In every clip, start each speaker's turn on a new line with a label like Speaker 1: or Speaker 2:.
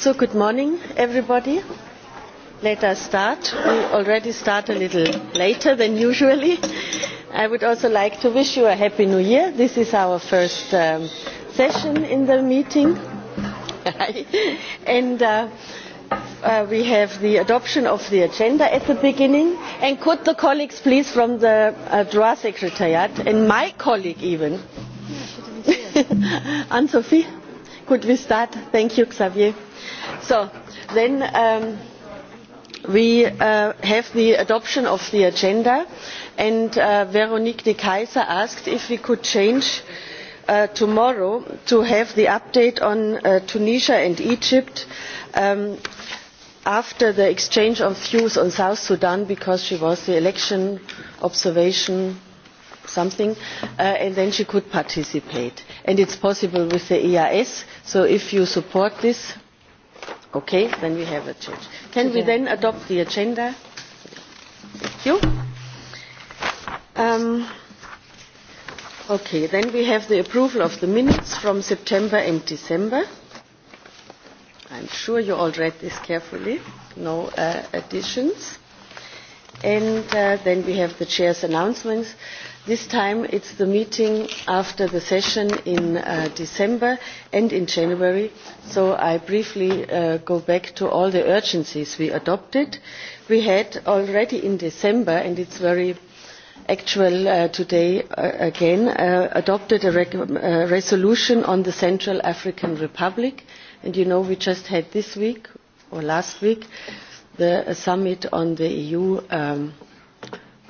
Speaker 1: So good morning, everybody. Let us start. We already start a little later than usually. I would also like to wish you a happy new year. This is our first um, session in the meeting. and uh, Uh, we have the adoption of the agenda at the beginning and could the colleagues please from the uh, DROA secretariat and my colleague even anne sophie could we start? Thank you, Xavier. So then um, we uh, have the adoption of the agenda, and uh, Veronique de Kaiser asked if we could change uh, tomorrow to have the update on uh, Tunisia and Egypt um, after the exchange of views on South Sudan because she was the election observation something uh, and then she could participate and it's possible with the EIS so if you support this okay then we have a change can we then adopt the agenda thank you um, okay then we have the approval of the minutes from september and december i'm sure you all read this carefully no uh, additions and uh, then we have the chair's announcements This time it is the meeting after the session in uh, December and in January, so I briefly uh, go back to all the urgencies we adopted. We had already in December, and it's very actual uh, today uh, again, uh, adopted a re uh, resolution on the Central African Republic, and you know we just had this week or last week the summit on the EU um,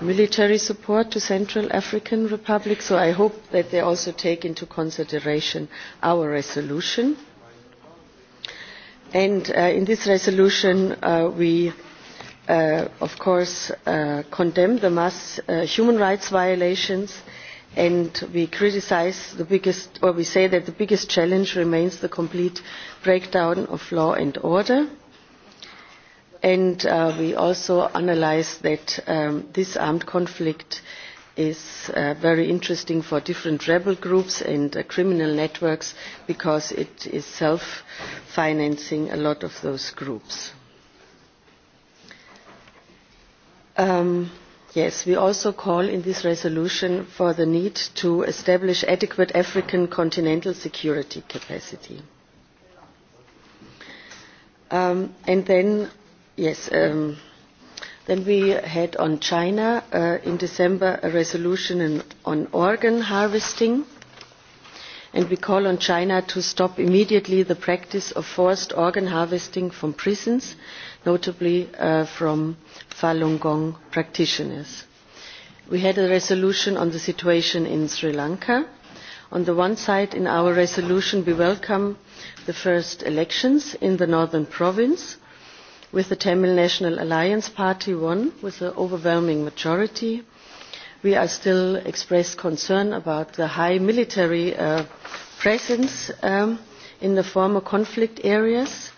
Speaker 1: military support to Central African Republic, so I hope that they also take into consideration our resolution. And uh, in this resolution, uh, we, uh, of course, uh, condemn the mass uh, human rights violations and we criticise the biggest, or we say that the biggest challenge remains the complete breakdown of law and order and uh, we also analyse that um, this armed conflict is uh, very interesting for different rebel groups and uh, criminal networks because it is self financing a lot of those groups. Um, yes, we also call in this resolution for the need to establish adequate African continental security capacity. Um, and then Yes. Um, then we had on China uh, in December a resolution in, on organ harvesting. And we call on China to stop immediately the practice of forced organ harvesting from prisons, notably uh, from Falun Gong practitioners. We had a resolution on the situation in Sri Lanka. On the one side, in our resolution, we welcome the first elections in the northern province with the Tamil National Alliance Party won with an overwhelming majority. We are still expressed concern about the high military uh, presence um, in the former conflict areas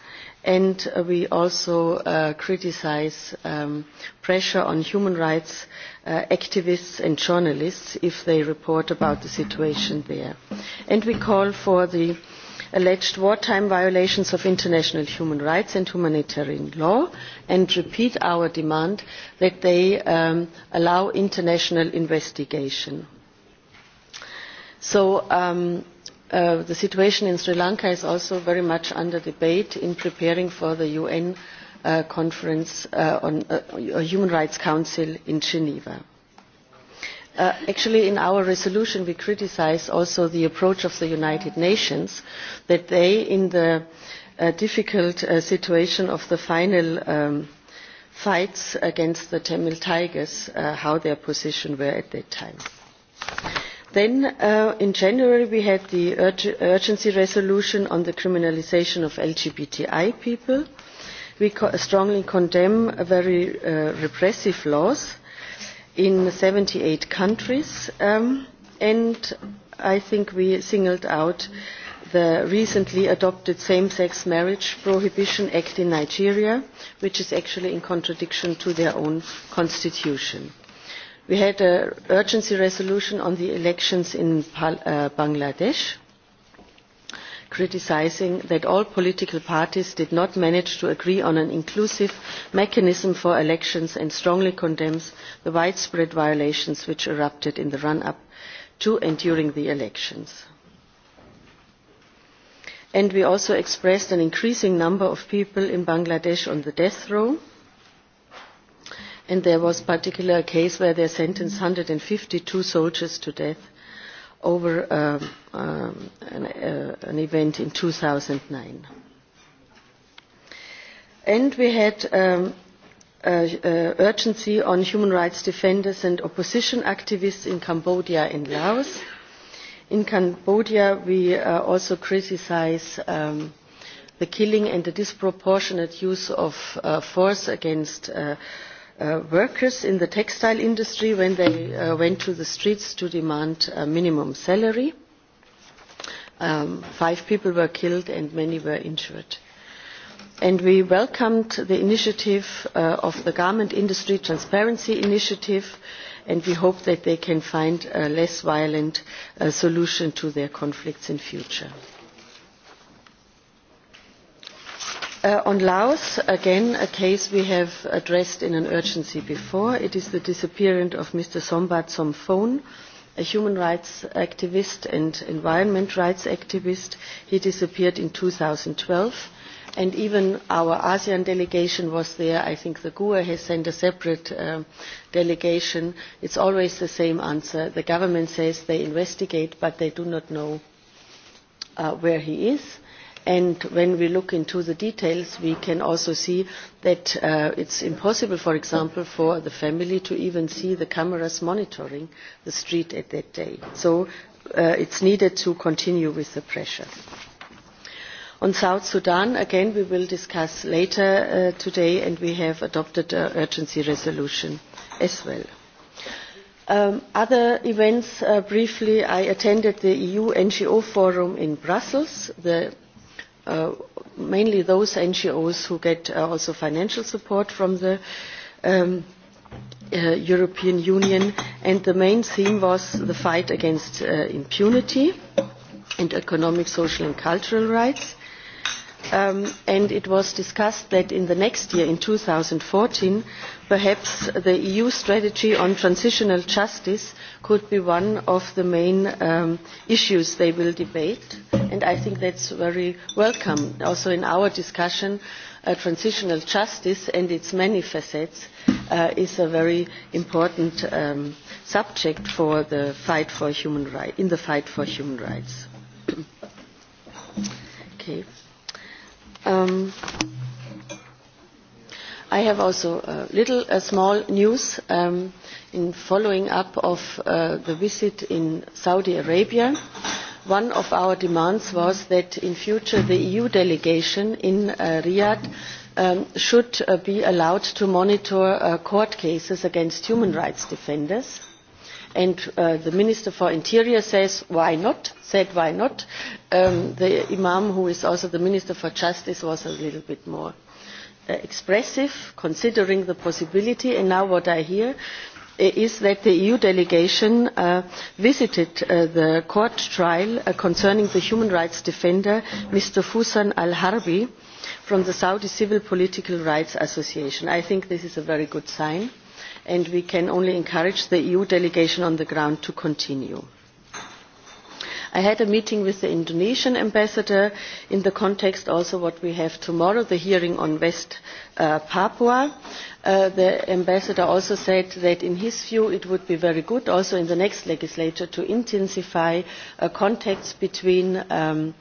Speaker 1: and uh, we also uh, criticise um, pressure on human rights uh, activists and journalists if they report about the situation there. And we call for the alleged wartime violations of international human rights and humanitarian law and repeat our demand that they um, allow international investigation. So um, uh, the situation in Sri Lanka is also very much under debate in preparing for the UN uh, conference uh, on uh, Human Rights Council in Geneva Uh, actually in our resolution we criticise also the approach of the united nations that they in the uh, difficult uh, situation of the final um, fights against the tamil tigers uh, how their position were at that time then uh, in january we had the ur urgency resolution on the criminalisation of lgbti people we co strongly condemn very repressive laws in 78 countries. Um, and I think we singled out the recently adopted same-sex marriage prohibition act in Nigeria, which is actually in contradiction to their own constitution. We had an urgency resolution on the elections in uh, Bangladesh criticising that all political parties did not manage to agree on an inclusive mechanism for elections and strongly condemns the widespread violations which erupted in the run up to and during the elections. And we also expressed an increasing number of people in Bangladesh on the death row and there was a particular case where they sentenced one hundred and fifty two soldiers to death over um, um, an, uh, an event in 2009. And we had um, uh, uh, urgency on human rights defenders and opposition activists in Cambodia and Laos. In Cambodia, we uh, also criticize um, the killing and the disproportionate use of uh, force against uh, Uh, workers in the textile industry when they uh, went to the streets to demand a minimum salary. Um, five people were killed and many were injured. And we welcomed the initiative uh, of the Garment Industry Transparency Initiative and we hope that they can find a less violent uh, solution to their conflicts in future. Uh, on Laos, again, a case we have addressed in an urgency before. It is the disappearance of Mr. Sombat Somphone, a human rights activist and environment rights activist. He disappeared in two thousand and twelve and even our ASEAN delegation was there. I think the GUE has sent a separate uh, it is always the same answer. The government says they investigate, but they do not know uh, where he is and when we look into the details we can also see that uh, it's impossible for example for the family to even see the cameras monitoring the street at that day so uh, it's needed to continue with the pressure on south sudan again we will discuss later uh, today and we have adopted an urgency resolution as well um, other events uh, briefly i attended the eu ngo forum in brussels the Uh, mainly those NGOs who get uh, also financial support from the um, uh, European Union. And the main theme was the fight against uh, impunity and economic, social and cultural rights Um, and it was discussed that in the next year in two thousand and fourteen perhaps the eu strategy on transitional justice could be one of the main um, issues they will debate and i think that is very welcome. also in our discussion uh, transitional justice and its many facets uh, is a very important um, subject for the fight for human rights in the fight for human rights. okay. Um, I have also a little a small news um, in following up of uh, the visit in Saudi Arabia. One of our demands was that in future the EU delegation in uh, Riyadh um, should uh, be allowed to monitor uh, court cases against human rights defenders and uh, the minister for the interior says why not said why not um, the imam who is also the minister for justice was a little bit more uh, expressive considering the possibility and now what i hear uh, is that the eu delegation visited the court trial concerning the human rights defender mr fusan al harbi from the saudi civil political rights association. i think this is a very good sign and we can only encourage the eu delegation on the ground to continue. i had a meeting with the indonesian ambassador in the context also of what we have tomorrow the hearing on west uh, papua. Uh, the ambassador also said that in his view it would be very good also in the next legislature to intensify uh, contacts between um,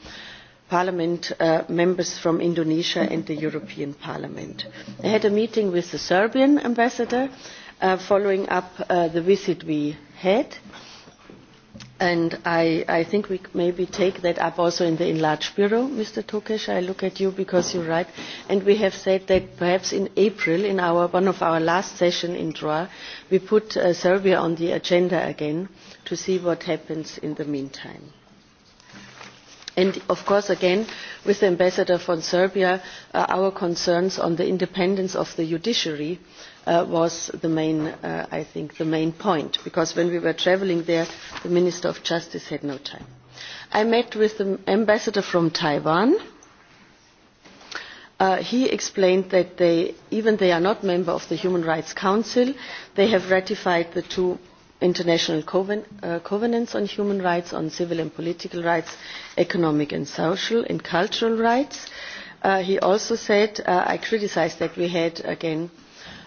Speaker 1: parliament members from indonesia and the european parliament. i had a meeting with the serbian ambassador Uh, following up uh, the visit we had. And I, I think we maybe take that up also in the enlarged bureau, Mr. Tokesh. I look at you because you're right. And we have said that perhaps in April, in our, one of our last session in Droit, we put uh, Serbia on the agenda again to see what happens in the meantime and of course again with the ambassador from serbia uh, our concerns on the independence of the judiciary uh, was the main uh, i think the main point because when we were travelling there the minister of justice had no time i met with the ambassador from taiwan uh, he explained that even though they are not member of the Human Rights Council, they have ratified the two international uh, covenants on human rights, on civil and political rights, economic and social and cultural rights. Uh, he also said, uh, I criticise that we had, again,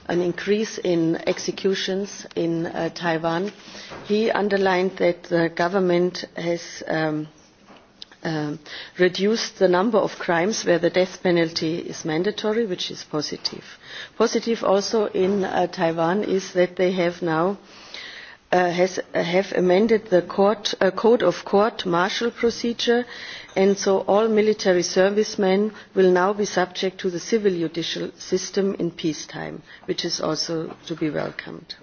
Speaker 1: an increase in executions in Taiwan. He underlined that the government has um, um, reduced the number of crimes where the death penalty is mandatory, which is positive. Positive also in uh, Taiwan is that they have now uh, Uh, have amended the uh, code of court martial procedure and so all military servicemen will now be subject to the civil judicial system in peacetime which is also to be welcomed.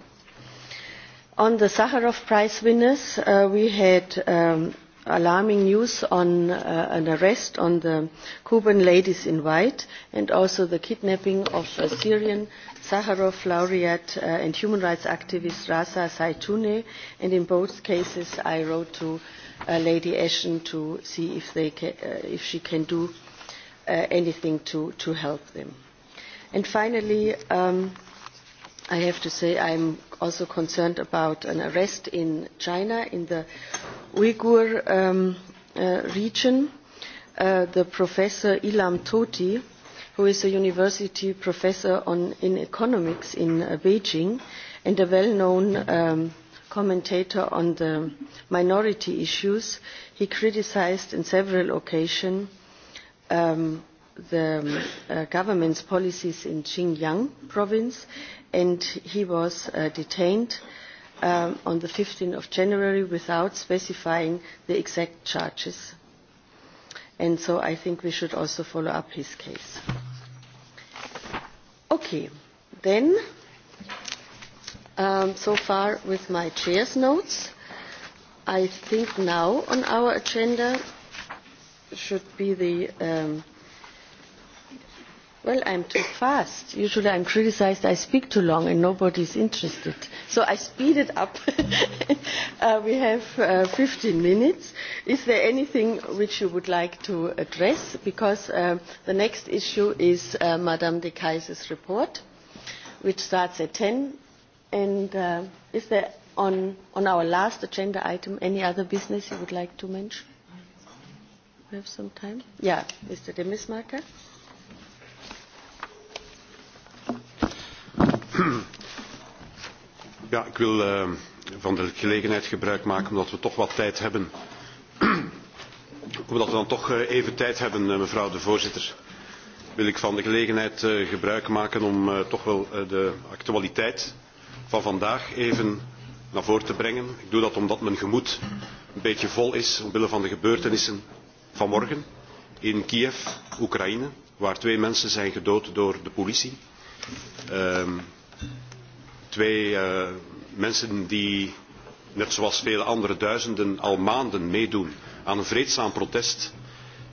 Speaker 1: on the sakharov prize winners uh, we had um, alarming news on uh, an arrest on the Cuban ladies in white and also the kidnapping of a Syrian Sakharov laureate uh, and human rights activist Rasa Saitune. And in both cases, I wrote to uh, Lady Ashton to see if, they ca- uh, if she can do uh, anything to, to help them. And finally, um, I have to say I'm also concerned about an arrest in China in the Uyghur um, uh, region. Uh, the professor Ilam Toti, who is a university professor on, in economics in uh, Beijing and a well-known um, commentator on the minority issues, he criticized in several occasions um, the um, uh, government's policies in Xinjiang province and he was uh, detained um, on the 15th of January without specifying the exact charges. And so I think we should also follow up his case. Okay, then um, so far with my chair's notes. I think now on our agenda should be the um, Well, I'm too fast. Usually I'm criticized I speak too long and nobody's interested. So I speed it up. uh, we have uh, 15 minutes. Is there anything which you would like to address? Because uh, the next issue is uh, Madame de Kaiser's report, which starts at 10. And uh, is there on, on our last agenda item any other business you would like to mention? We have some time. Yeah, Mr. Demismarker.
Speaker 2: Ja, ik wil uh, van de gelegenheid gebruik maken omdat we toch wat tijd hebben. omdat we dan toch uh, even tijd hebben, uh, mevrouw de voorzitter, wil ik van de gelegenheid uh, gebruik maken om uh, toch wel uh, de actualiteit van vandaag even naar voren te brengen. Ik doe dat omdat mijn gemoed een beetje vol is omwille van de gebeurtenissen van morgen in Kiev, Oekraïne, waar twee mensen zijn gedood door de politie. Uh, Twee eh, mensen die, net zoals vele andere duizenden, al maanden meedoen aan een vreedzaam protest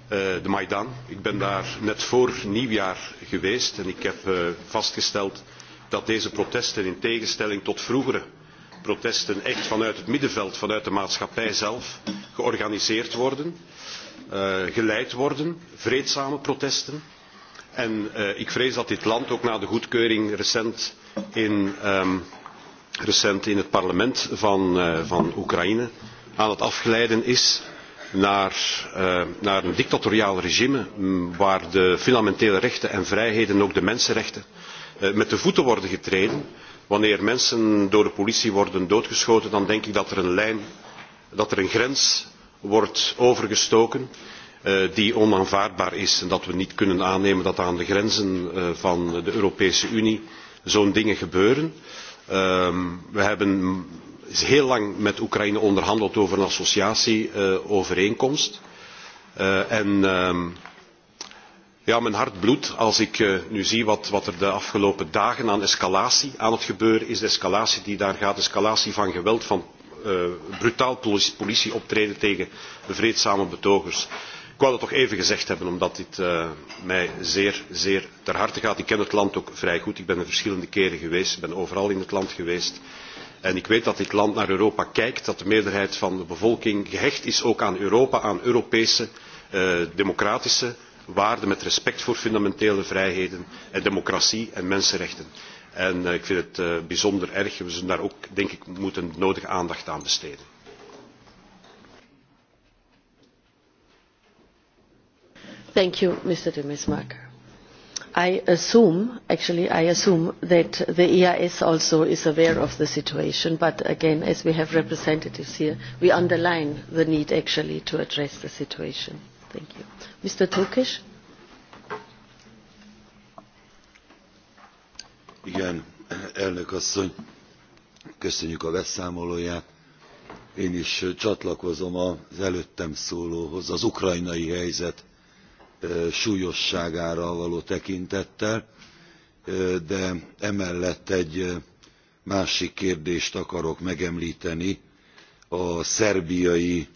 Speaker 2: eh, de Maidan. Ik ben daar net voor nieuwjaar geweest en ik heb eh, vastgesteld dat deze protesten in tegenstelling tot vroegere protesten echt vanuit het middenveld, vanuit de maatschappij zelf georganiseerd worden, geleid worden, vreedzame protesten en eh, ik vrees dat dit land ook na de goedkeuring recent in, ehm, het parlement eh, van, Oekraïne aan het afglijden is naar, eh, een dictatoriaal regime mm, waar de fundamentele rechten en vrijheden, ook de mensenrechten, met de voeten worden getreden. Wanneer mensen door de politie worden doodgeschoten, dan denk ik dat er een lijn, dat er een grens wordt overgestoken Eh, die onaanvaardbaar is en dat we niet kunnen aannemen dat aan de grenzen eh, van de Europese Unie zo'n dingen gebeuren. Ehm, we hebben heel lang met Oekraïne onderhandeld over een associatieovereenkomst. Eh, en ehm, ja, mijn hart bloedt als ik nu zie wat, wat er de afgelopen dagen aan escalatie aan het gebeuren is. De escalatie die daar gaat, escalatie van geweld, van brutaal politieoptreden tegen de vreedzame betogers ik wou dat toch even gezegd hebben, omdat dit eh, mij zeer, zeer ter harte gaat. Ik ken het land ook vrij goed. Ik ben er verschillende keren geweest. Ik ben overal in het land geweest. En ik weet dat dit land naar Europa kijkt, dat de meerderheid van de bevolking gehecht is ook aan Europa, aan Europese eh, democratische waarden met respect voor fundamentele vrijheden en democratie en mensenrechten. En eh, ik vind het bijzonder erg. We zullen daar ook, denk ik, moeten nodige aandacht aan besteden.
Speaker 1: Thank you, Mr. de Mismarker. I assume, actually, I assume that the EIS also is aware of the situation, but again, as we have representatives here, we underline the need actually to address the situation. Thank you. Mr. Tokish?
Speaker 2: Igen, elnök asszony, köszönjük a beszámolóját. Én is csatlakozom az előttem szólóhoz, az ukrajnai helyzet súlyosságára való tekintettel de emellett egy másik kérdést akarok megemlteni a szerbiai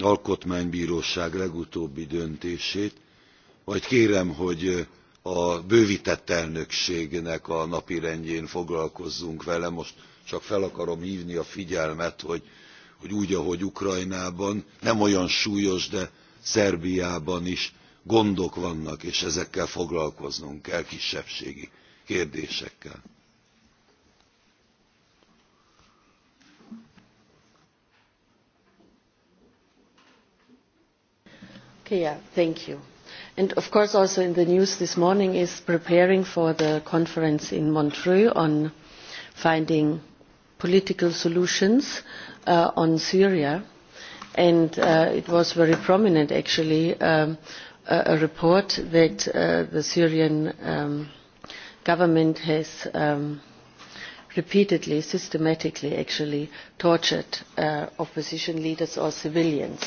Speaker 2: alkotmánybróság legutóbbi döntését majd kérem hogy a bővtett elnökségnek a napirendjén foglalkozzunk vele most csak fel akarom hvni a figyelmet hogy, hogy úgy ahogy ukrajnában nem olyan súlyos de szerbiában is gondok vannak, és ezekkel foglalkoznunk kell kisebbségi kérdésekkel.
Speaker 1: Okay, yeah, thank you. And of course also in the news this morning is preparing for the conference in Montreux on finding political solutions uh, on Syria. And uh, it was very prominent actually um, a report that uh, the Syrian um, government has um, repeatedly, systematically actually tortured uh, opposition leaders or civilians.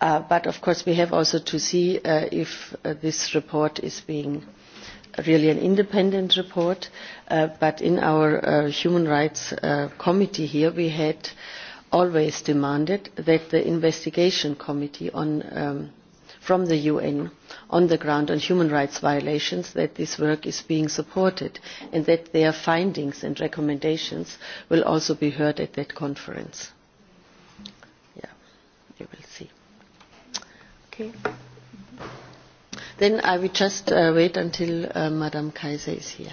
Speaker 1: Uh, but of course we have also to see uh, if uh, this report is being really an independent report. Uh, but in our uh, human rights uh, committee here we had always demanded that the investigation committee on um, from the un on the ground on human rights violations that this work is being supported and that their findings and recommendations will also be heard at that conference. Yeah, you will see. Okay. Then I will just uh, wait until uh, Madame Kaiser is here.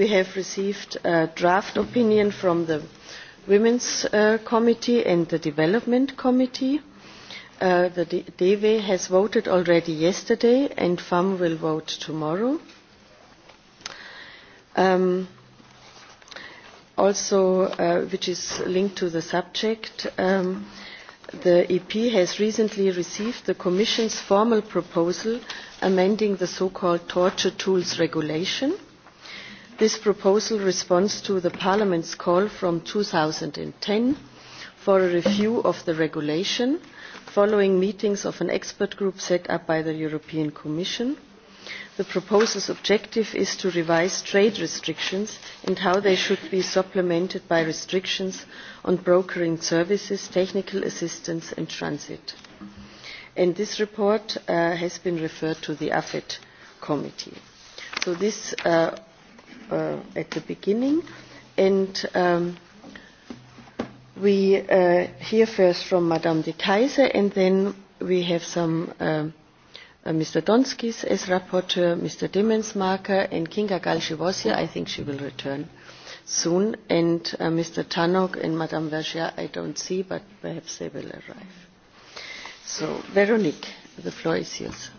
Speaker 1: we have received a draft opinion from the Women's uh, Committee and the Development Committee. Uh, the DEWE has voted already yesterday and FAM will vote tomorrow. Um, also, uh, which is linked to the subject, um, the EP has recently received the Commission's formal proposal amending the so-called torture tools regulation This proposal responds to Parliament's call from two thousand and ten for a review of the regulation following meetings of an expert group set up by the European Commission. The proposal's objective is to revise trade restrictions and how they should be supplemented by restrictions on brokering services, technical assistance and transit. this report uh, has been referred to the committee. on foreign affairs uh, at the beginning. And um, we uh, hear first from Madame de Kaiser, and then we have some um, uh, uh, Mr. Donskis as rapporteur, Mr. Dimmensmarker, and Kinga Gal, she I think she will return soon. And uh, Mr. Tanok and Madame Vergia, I don't see, but perhaps they will arrive.
Speaker 3: So, Veronique, the floor is yours.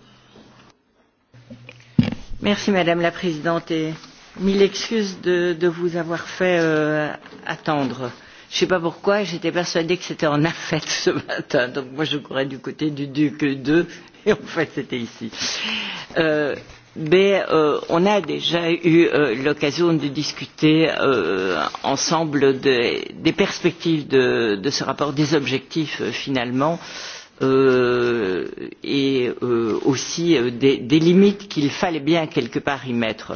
Speaker 3: Merci, Madame la Présidente. Et mille excuses de, de vous avoir fait euh, attendre. Je ne sais pas pourquoi, j'étais persuadée que c'était en affaire ce matin. Donc moi, je courais du côté du Duc 2 et en fait, c'était ici. Euh, mais euh, on a déjà eu euh, l'occasion de discuter euh, ensemble de, des perspectives de, de ce rapport, des objectifs euh, finalement, euh, et euh, aussi euh, des, des limites qu'il fallait bien quelque part y mettre. Euh,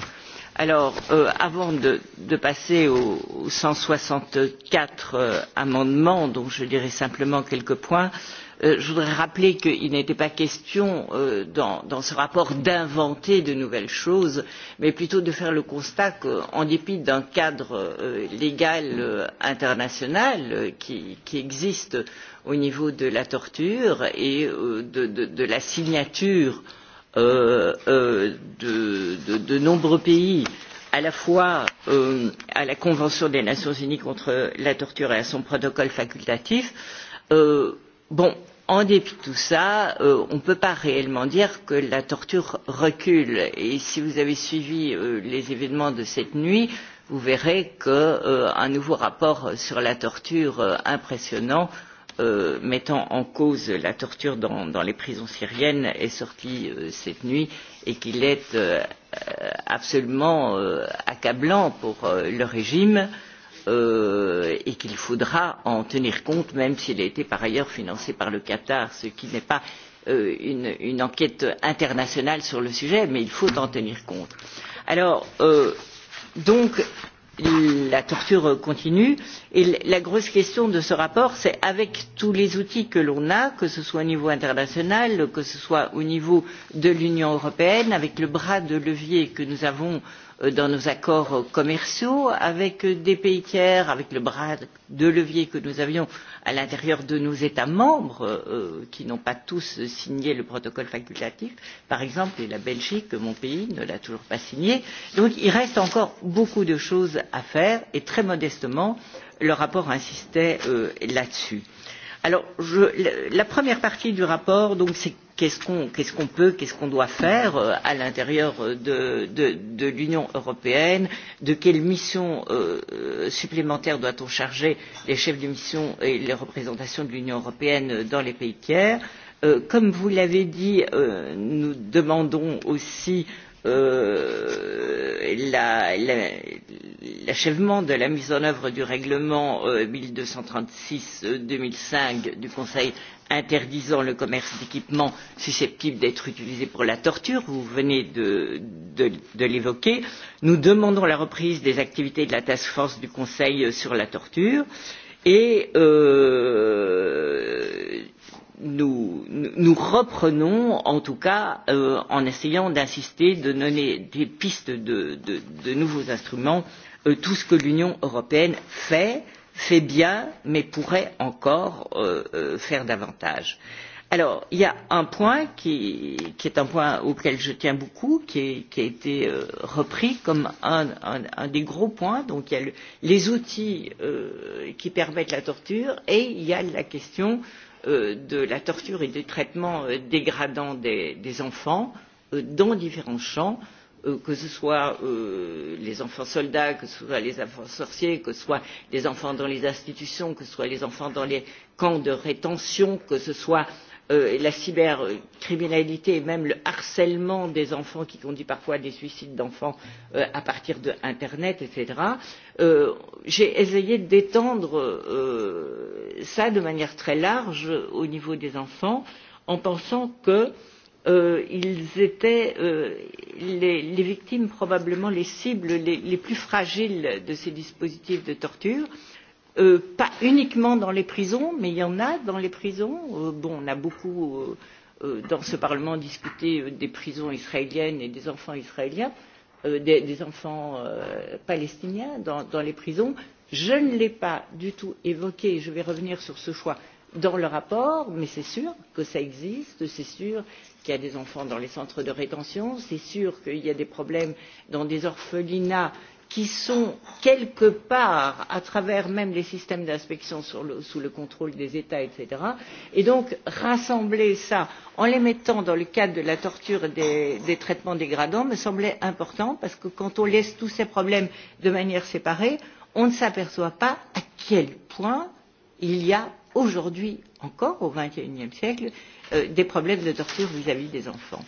Speaker 3: Alors, euh, avant de, passer aux cent soixante quatre euh, amendements dont je dirai simplement quelques points euh, je voudrais rappeler qu'il n'était pas question dans, ce rapport d'inventer de nouvelles choses mais plutôt de faire le constat qu'en dépit d'un cadre légal international qui, existe au niveau de la torture et de, de la signature de euh, euh, de, de, de nombreux pays à la fois euh, à la Convention des Nations Unies contre la torture et à son protocole facultatif, euh, bon, en dépit de tout ça, euh, on ne peut pas réellement dire que la torture recule et si vous avez suivi euh, les événements de cette nuit vous verrez qu'un euh, nouveau rapport sur la torture euh, impressionnant euh, Euh, mettant en cause la torture dans, dans les prisons syriennes est sorti euh, cette nuit et qu'il est euh, euh, absolument euh, accablant pour euh, le régime euh, et qu'il faudra en tenir compte même s'il a été par ailleurs financé par le Qatar, ce qui n'est pas euh, une, une enquête internationale sur le sujet, mais il faut en tenir compte. Alors, euh, donc, la torture continue et la grosse question de ce rapport c'est avec tous les outils que l'on a que ce soit au niveau international que ce soit au niveau de l'union européenne avec le bras de levier que nous avons euh, Euh, dans nos accords commerciaux avec euh, des pays tiers avec le bras de levier que nous avions à l'intérieur de nos états membres euh, qui n'ont pas tous signé le protocole facultatif par exemple et la belgique mon pays ne l'a toujours pas signé. donc il reste encore beaucoup de choses à faire et très modestement le rapport insistait là dessus. Alors, je, la première partie du rapport, donc, c'est qu'est-ce qu'on qu qu peut, qu'est-ce qu'on doit faire euh, à l'intérieur euh, de, de, de l'Union européenne, de quelles missions euh, euh, supplémentaires doit-on charger les chefs de mission et les représentations de l'Union européenne dans les pays tiers. comme vous l'avez dit, nous demandons aussi l'achèvement euh, la, la, de la mise en œuvre du règlement euh, mille deux cent trente six euh, deux mille cinq du conseil interdisant le commerce d'équipements susceptibles d'être utilisés pour la torture vous venez de, de, de l'évoquer nous demandons la reprise des activités de la task force du conseil sur la torture et euh, nous, nous reprenons, en tout cas euh, en essayant d'insister, de donner des pistes de, de, de nouveaux instruments, euh, tout ce que l'Union européenne fait, fait bien, mais pourrait encore euh, euh, faire davantage. Alors, il y a un point qui, qui est un point auquel je tiens beaucoup, qui, est, qui a été euh, repris comme un, un, un des gros points. Donc, il y a le, les outils euh, qui permettent la torture et il y a la question euh, Euh, de la torture et euh, des traitements dégradants des, enfants euh, dans différents champs que ce soit les enfants soldats, que ce soit les enfants sorciers, que ce soit les enfants dans les institutions, que ce soit les enfants dans les camps de rétention, que ce soit Euh, la cybercriminalité et même le harcèlement des enfants qui conduit parfois à des suicides d'enfants euh, à partir d'internet etc. Euh, j'ai essayé d'étendre cela de manière très large au niveau des enfants en pensant que ils étaient les, victimes probablement les cibles les, les plus fragiles de ces dispositifs de torture et Euh, pas uniquement dans les prisons, mais il y en a dans les prisons. Euh, bon, on a beaucoup euh, euh dans ce Parlement discuté euh, des prisons israéliennes et des enfants israéliens, euh, des, des, enfants palestiniens dans, dans, les prisons. Je ne l'ai pas du tout évoqué, je vais revenir sur ce choix dans le rapport, mais c'est sûr que ça existe, c'est sûr qu'il y a des enfants dans les centres de rétention, c'est sûr qu'il y a des problèmes dans des orphelinats qui sont quelque part à travers même les systèmes d'inspection le, sous le contrôle des états etc. et donc rassembler cela en les mettant dans le cadre de la torture et des, des traitements dégradants me semblait important parce que quand on laisse tous ces problèmes de manière séparée on ne s'aperçoit pas à quel point il y a aujourd'hui encore au XXIe siècle euh, des problèmes de torture vis à vis des enfants.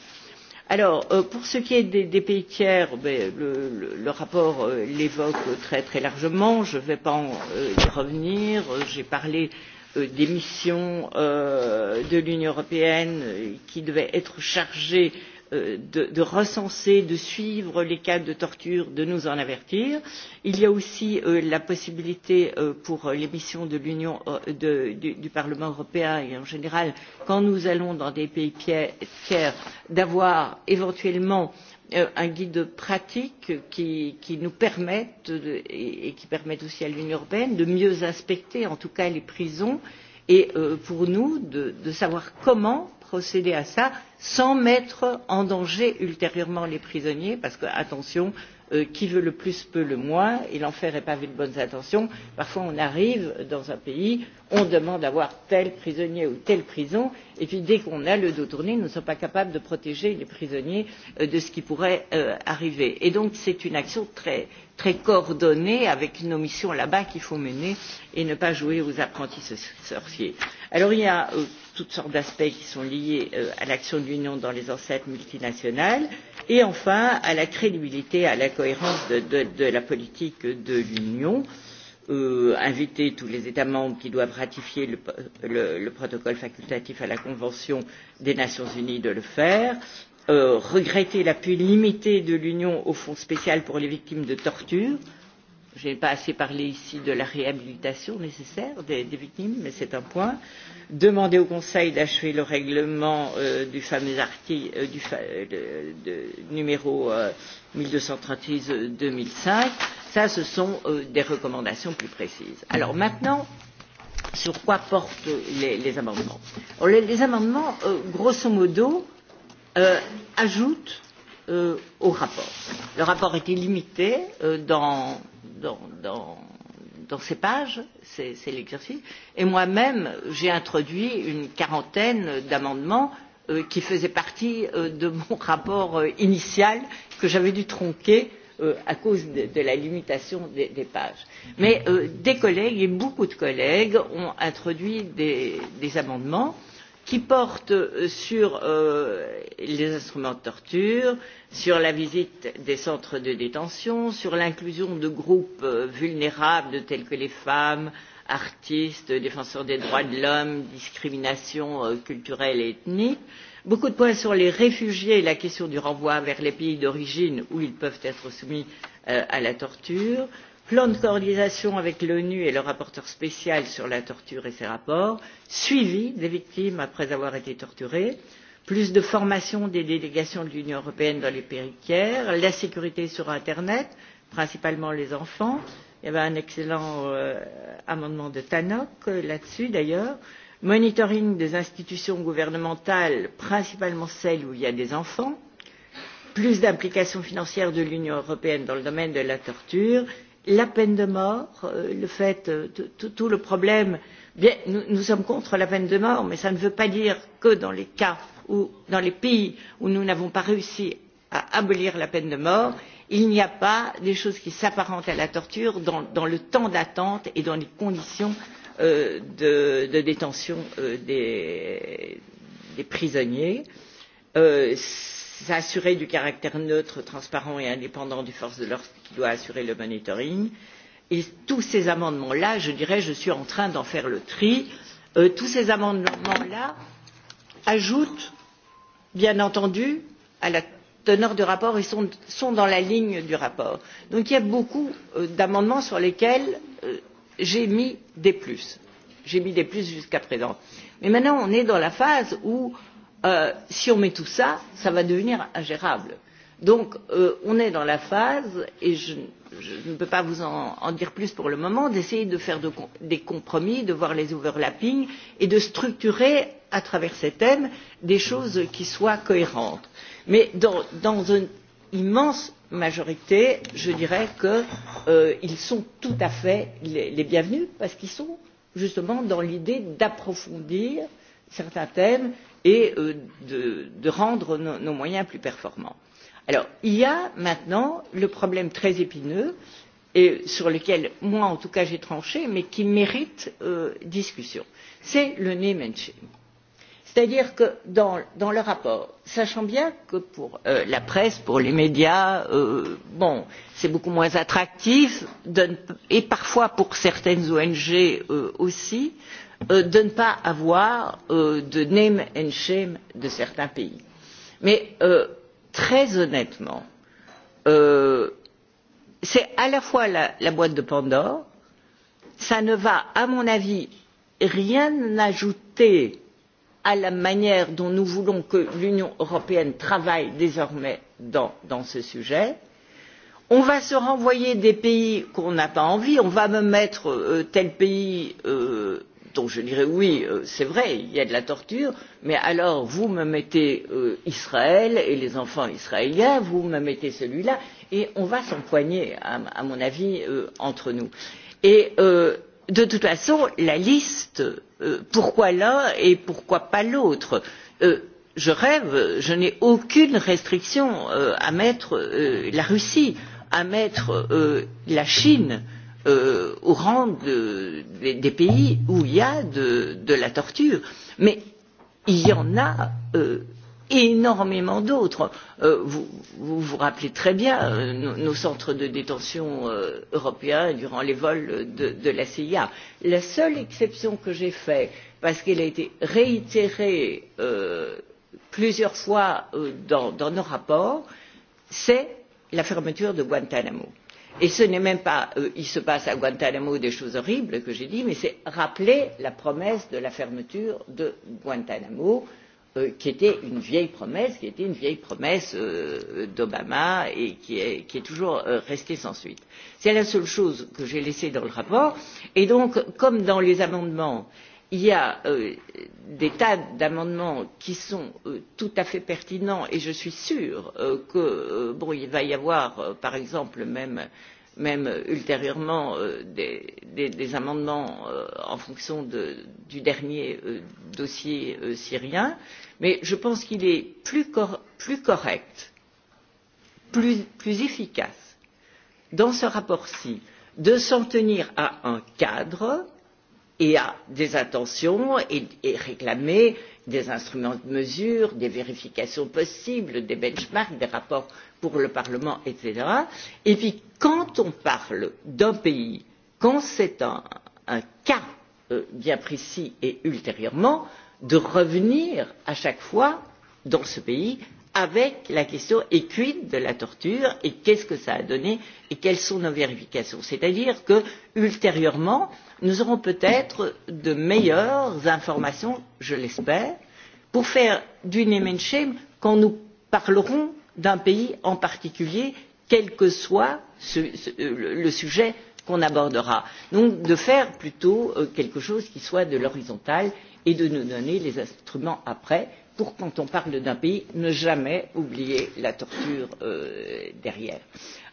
Speaker 3: Alors, euh, pour ce qui est des, pays tiers, le, rapport euh, l'évoque très très largement. Je ne vais pas euh, y revenir. J'ai parlé des missions de l'Union européenne qui devaient être chargées euh, Euh, de, recenser de suivre les cas de torture de nous en avertir. il y a aussi euh, la possibilité euh, pour les missions de l'union du, parlement européen et en général quand nous allons dans des pays tiers d'avoir éventuellement un guide pratique qui, nous permette et qui permette aussi à l'union européenne de mieux inspecter en tout cas les prisons et pour nous de savoir comment procéder à cela sans mettre en danger ultérieurement les prisonniers parce que attention euh, qui veut le plus peut le moins et l'enfer est pavé de bonnes intentions parfois on arrive dans un pays on demande à voir tel prisonnier ou telle prison et puis dès qu'on a le dos tourné nous ne sommes pas capables de protéger les prisonniers euh, de ce qui pourrait euh, arriver. et donc c'est une action très, très coordonnée avec nos missions là bas qu'il faut mener et ne pas jouer aux apprentis sorciers. alors il y a euh, toutes sortes d'aspects qui sont liés euh, à l'action de l'union dans les enceintes multinationales et enfin à la crédibilité et à la cohérence de, de, de la politique de l'union euh, inviter tous les états membres qui doivent ratifier le, le, le protocole facultatif à la convention des nations unies de le faire euh, regretter l'appui limité de l'union au fonds spécial pour les victimes de tortures je n'ai pas assez parlé ici de la réhabilitation nécessaire des, victimes, mais c'est un point. Demander au Conseil d'achever le règlement euh, du fameux article euh, du fa, de, de, numéro euh, 1236-2005, ça, ce sont euh, des recommandations plus précises. Alors maintenant, sur quoi portent les, les amendements Alors, les, les amendements, euh, grosso modo, euh, ajoutent euh, au rapport. Le rapport était limité euh, dans dans, dans, dans ces pages, c'est l'exercice, et moi-même, j'ai introduit une quarantaine d'amendements euh, qui faisaient partie euh, de mon rapport euh, initial que j'avais dû tronquer euh, à cause de, de la limitation des, des pages. Mais euh, des collègues et beaucoup de collègues ont introduit des, des amendements qui porte sur euh, les instruments de torture sur la visite des centres de détention sur l'inclusion de groupes euh, vulnérables tels que les femmes artistes défenseurs des droits de l'homme discrimination euh, culturelle et ethnique beaucoup de points sur les réfugiés et la question du renvoi vers les pays d'origine où ils peuvent être soumis à la torture plan de coordination avec l'onu et le rapporteur spécial sur la torture et ses rapports suivi des victimes après avoir été torturées plus de formation des délégations de l'union européenne dans les pays tiers la sécurité sur internet principalement les enfants il y avait un excellent euh, amendement de tannock euh, là dessus d'ailleurs monitoring des institutions gouvernementales principalement celles où il y a des enfants plus d'implication financière de l'union européenne dans le domaine de la torture et la peine de mort, euh, le fait, tout, euh, tout le problème, bien, nous, nous sommes contre la peine de mort, mais ça ne veut pas dire que dans les cas où, dans les pays où nous n'avons pas réussi à abolir la peine de mort, il n'y a pas des choses qui s'apparentent à la torture dans, dans le temps d'attente et dans les conditions euh, de, de détention des, des prisonniers. Euh, s'assurer du caractère neutre transparent et indépendant des forces de l'ordre qui doit assurer le monitoring et tous ces amendements là je dirais je suis en train d'en faire le tri euh, tous ces amendements là ajoutent bien entendu à la teneur du rapport et sont, sont dans la ligne du rapport. donc il y a beaucoup euh, d'amendements sur lesquels euh, j'ai mis des plus j'ai mis des plus jusqu'à présent. mais maintenant on est dans la phase où euh, Euh, si on met tout ça ça va devenir ingérable. donc euh, on est dans la phase et je, je ne peux pas vous en, en dire plus pour le moment d'essayer de faire de, des compromis de voir les overlappings et de structurer à travers ces thèmes des choses qui soient cohérentes. mais dans, dans une immense majorité je dirais qu'ils euh, sont tout à fait les, les bienvenus parce qu'ils sont justement dans l'idée d'approfondir certains thèmes et euh, de, de rendre nos, nos moyens plus performants. Alors, il y a maintenant le problème très épineux et sur lequel moi en tout cas j'ai tranché mais qui mérite euh, discussion c'est le name and shame. c'est à dire que dans, dans le rapport sachant bien que pour euh, la presse pour les médias euh, bon, c'est beaucoup moins attractif de, et parfois pour certaines ong euh, aussi Euh, de ne pas avoir euh, de name and shame de certains pays. Mais euh, très honnêtement, c'est à la fois la, boîte de Pandore, ça ne va, à mon avis, rien ajouter à la manière dont nous voulons que l'Union européenne travaille désormais dans, ce sujet. On va se renvoyer des pays qu'on n'a pas envie, on va me mettre tel pays tortons je dirais oui euh, c'est vrai il y a de la torture mais alors vous me mettez euh, israël et les enfants israéliens vous me mettez celui là et on va s'empoigner à, mon avis euh, entre nous. et de toute façon la liste pourquoi l'un et pourquoi pas l'autre? je rêve je n'ai aucune restriction à mettre la russie à mettre la chine euh, au rang de, des, des pays où il y a de, de la torture. Mais il y en a euh, énormément d'autres. Euh, vous, vous vous rappelez très bien euh, nos, nos centres de détention euh, européens durant les vols de, de la CIA. La seule exception que j'ai faite, parce qu'elle a été réitérée euh, plusieurs fois euh, dans, dans nos rapports, c'est la fermeture de Guantanamo. Euh, et ce n'est même pas euh, il se passe à guantnamo des choses horribles que j'ai dit mais c'est rappeler la promesse de la fermeture de guantnamo euh, qui était une vieille promesse qui était une vieille promesse euh, d'obama et qui est, qui est toujours euh, restée sans suite. c'est la seule chose que j'ai laissée dans le rapport et donc comme dans les amendements euh, il y a euh, des tas d'amendements qui sont euh, tout à fait pertinents et je suis sûre euh, qu'il va y avoir par exemple même, ultérieurement des, amendements en fonction du dernier dossier syrien mais je pense qu'il est plus, correct plus, plus efficace dans ce rapport ci de s'en tenir à un cadre et à des intentions et, et réclamer des instruments de mesure, des vérifications possibles, des benchmarks, des rapports pour le Parlement, etc. Et puis, quand on parle d'un pays, quand c'est un, un cas euh, bien précis et ultérieurement, de revenir à chaque fois dans ce pays avec la question et quid de la torture et qu'est ce que cela a donné et quelles sont nos vérifications. c'est à dire que ultérieurement nous aurons peut être de meilleures informations je l'espère pour faire du name and shame quand nous parlerons d'un pays en particulier quel que soit euh, le sujet qu'on abordera. donc de faire plutôt euh, quelque chose qui soit de l'horizontale et de nous donner les instruments après pour quand on parle d'un pays ne jamais oublier la torture euh, derrière.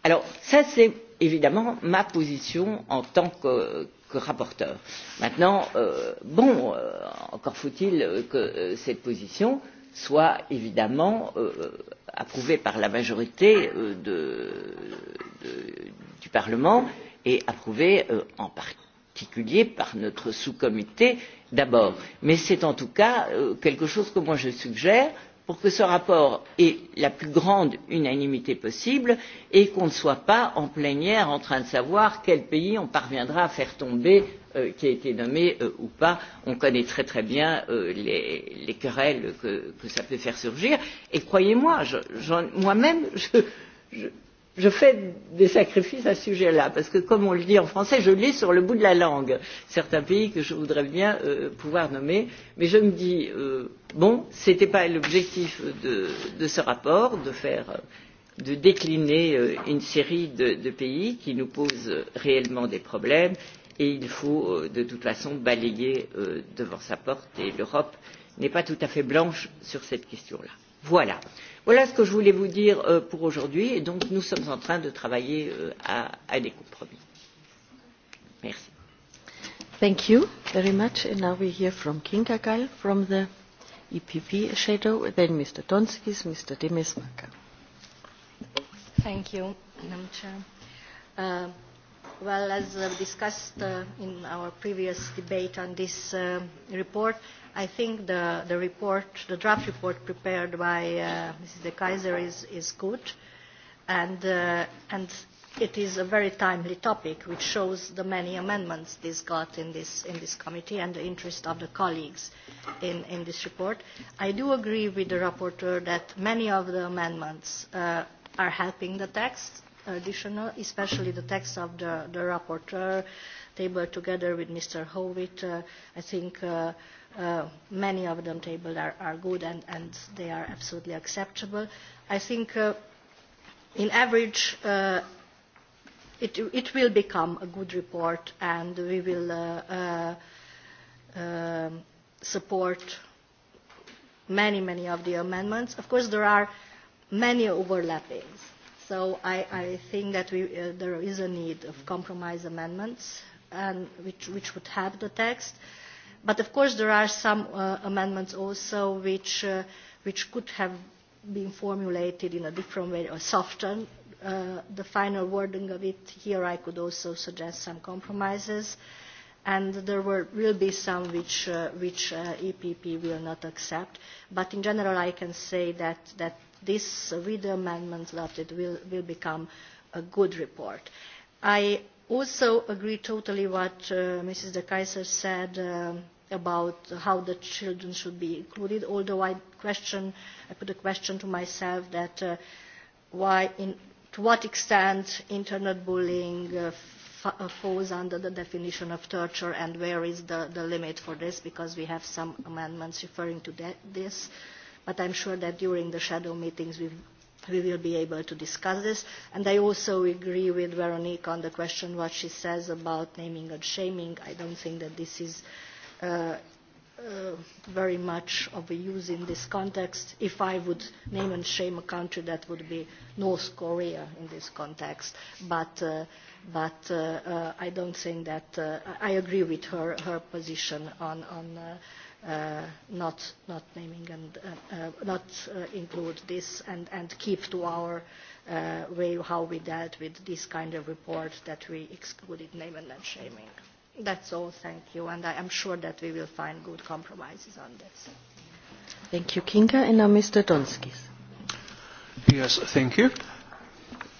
Speaker 3: alors ça c'est évidemment ma position en tant que, que rapporteur. maintenant euh, bon euh, encore faut il que cette position soit évidemment approuvée par la majorité du parlement et approuvée en partie particulier par notre sous comité d'abord mais c'est en tout cas euh, quelque chose que je suggère pour que ce rapport ait la plus grande unanimité possible et qu'on ne soit pas en plénière en train de savoir quel pays on parviendra à faire tomber euh, qui a été nommé euh, ou pas. On connaît très très bien les, les querelles que, que ça peut faire surgir. Et croyez-moi, moi-même, je, moi je fais des sacrifices à ce sujet là parce que comme on le dit en français je lis sur le bout de la langue certains pays que je voudrais bien euh, pouvoir nommer mais je me dis euh, bon ce n'était pas l'objectif de, de ce rapport de faire de décliner euh, une série de, de pays qui nous posent réellement des problèmes et il faut euh, de toute façon balayer euh, devant sa porte et l'Europe n'est pas tout à fait blanche sur cette question là voilà voilà ce que je voulais vous dire euh, pour aujourd'hui et donc nous sommes en train de travailler euh, à, des compromis. merci.
Speaker 1: thank you very much and now we hear from kinga from the epp shadow then mr mr
Speaker 4: thank you madam chair. Uh, well as uh, discussed uh, in our previous debate on this uh, report I think the, the report, the draft report prepared by uh, Mrs. De Kaiser is, is good, and, uh, and it is a very timely topic, which shows the many amendments this got in this, in this committee and the interest of the colleagues in, in this report. I do agree with the rapporteur that many of the amendments uh, are helping the text, additional, especially the text of the, the rapporteur, tabled together with Mr. Howitt. Uh, I think. Uh, Uh, many of them tabled are, are good and, and they are absolutely acceptable. I think uh, in average uh, it, it will become a good report and we will uh, uh, uh, support many, many of the amendments. Of course, there are many overlappings. So I, I think that we, uh, there is a need of compromise amendments and which, which would help the text. Uh, But of course there are some uh, amendments also which, uh, which could have been formulated in a different way or softened uh, the final wording of it. Here I could also suggest some compromises. And there were, will be some which, uh, which uh, EPP will not accept. But in general, I can say that, that this, uh, with the amendments adopted, will, will become a good report. I also agree totally what uh, Mrs. De Keyser said um, about how the children should be included, although I, question, I put a question to myself that uh, why in, to what extent internet bullying uh, uh, falls under the definition of torture and where is the, the limit for this because we have some amendments referring to that, this but I'm sure that during the shadow meetings we, we will be able to discuss this and I also agree with Veronique on the question what she says about naming and shaming I don't think that this is Uh, uh, very much of a use in this context. If I would name and shame a country, that would be North Korea in this context. But, uh, but uh, uh, I don't think that uh, I agree with her, her position on, on uh, Uh, not not naming and uh, uh, not uh, include this and and keep to our way how we dealt with this kind of report that we excluded name and shaming. That's all. Thank you. And I am sure that we will find good compromises on this.
Speaker 1: Thank you, Kinga. And now Mr. Donskis.
Speaker 5: Yes, thank you.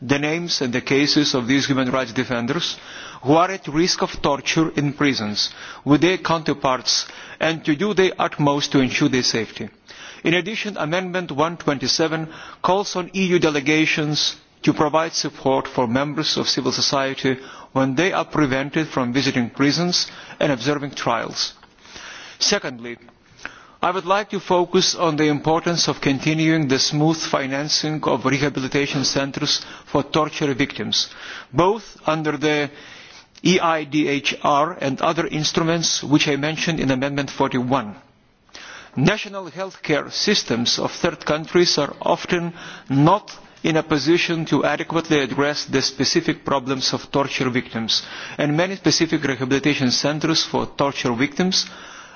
Speaker 5: the names and the cases of these human rights defenders who are at risk of torture in prisons with their counterparts and to do their utmost to ensure their safety. In addition, Amendment 127 calls on EU delegations to provide support for members of civil society when they are prevented from visiting prisons and observing trials. Secondly, I would like to focus on the importance of continuing the smooth financing of rehabilitation centres for torture victims, both under the EIDHR and other instruments which I mentioned in Amendment 41. National healthcare systems of third countries are often not in a position to adequately address the specific problems of torture victims, and many specific rehabilitation centres for torture victims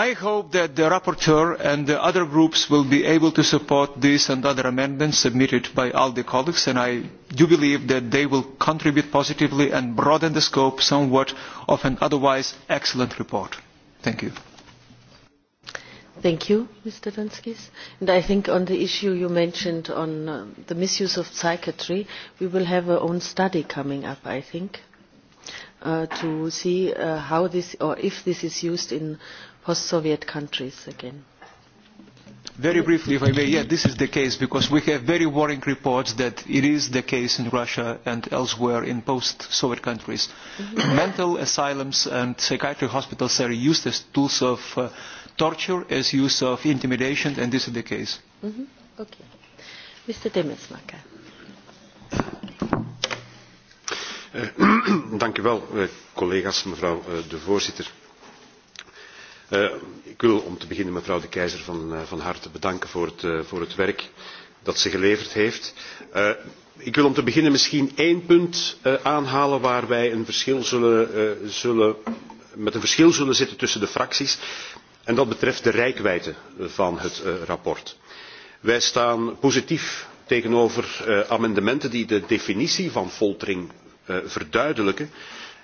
Speaker 5: i hope that the rapporteur and the other groups will be able to support these and other amendments submitted by alde colleagues and i do believe that they will contribute positively and broaden the scope somewhat of an otherwise excellent report. thank you.
Speaker 1: Thank you, Mr. Donskis. And I think on the issue you mentioned on uh, the misuse of psychiatry, we will have our own study coming up, I think, uh, to see uh, how this or if this is used in post-Soviet countries again.
Speaker 5: Very briefly, if I may, yeah, this is the case because we have very worrying reports that it is the case in Russia and elsewhere in post-Soviet countries. Mm-hmm. Mental asylums and psychiatric hospitals are used as tools of uh, torture, as use of intimidation, and this is the case.
Speaker 1: Mm -hmm. Okay. Mr. Demetsmaker.
Speaker 2: Eh, dank u wel, eh, collega's, mevrouw eh, de voorzitter Eh, ik wil om te beginnen mevrouw de Keizer van, eh, van harte bedanken voor het, eh, voor het werk dat ze geleverd heeft. ik wil om te beginnen misschien één punt aanhalen waar wij een verschil zullen, zullen, met een verschil zullen zitten tussen de fracties. En dat betreft de reikwijdte van het uh, rapport. Wij staan positief tegenover amendementen die de definitie van foltering verduidelijken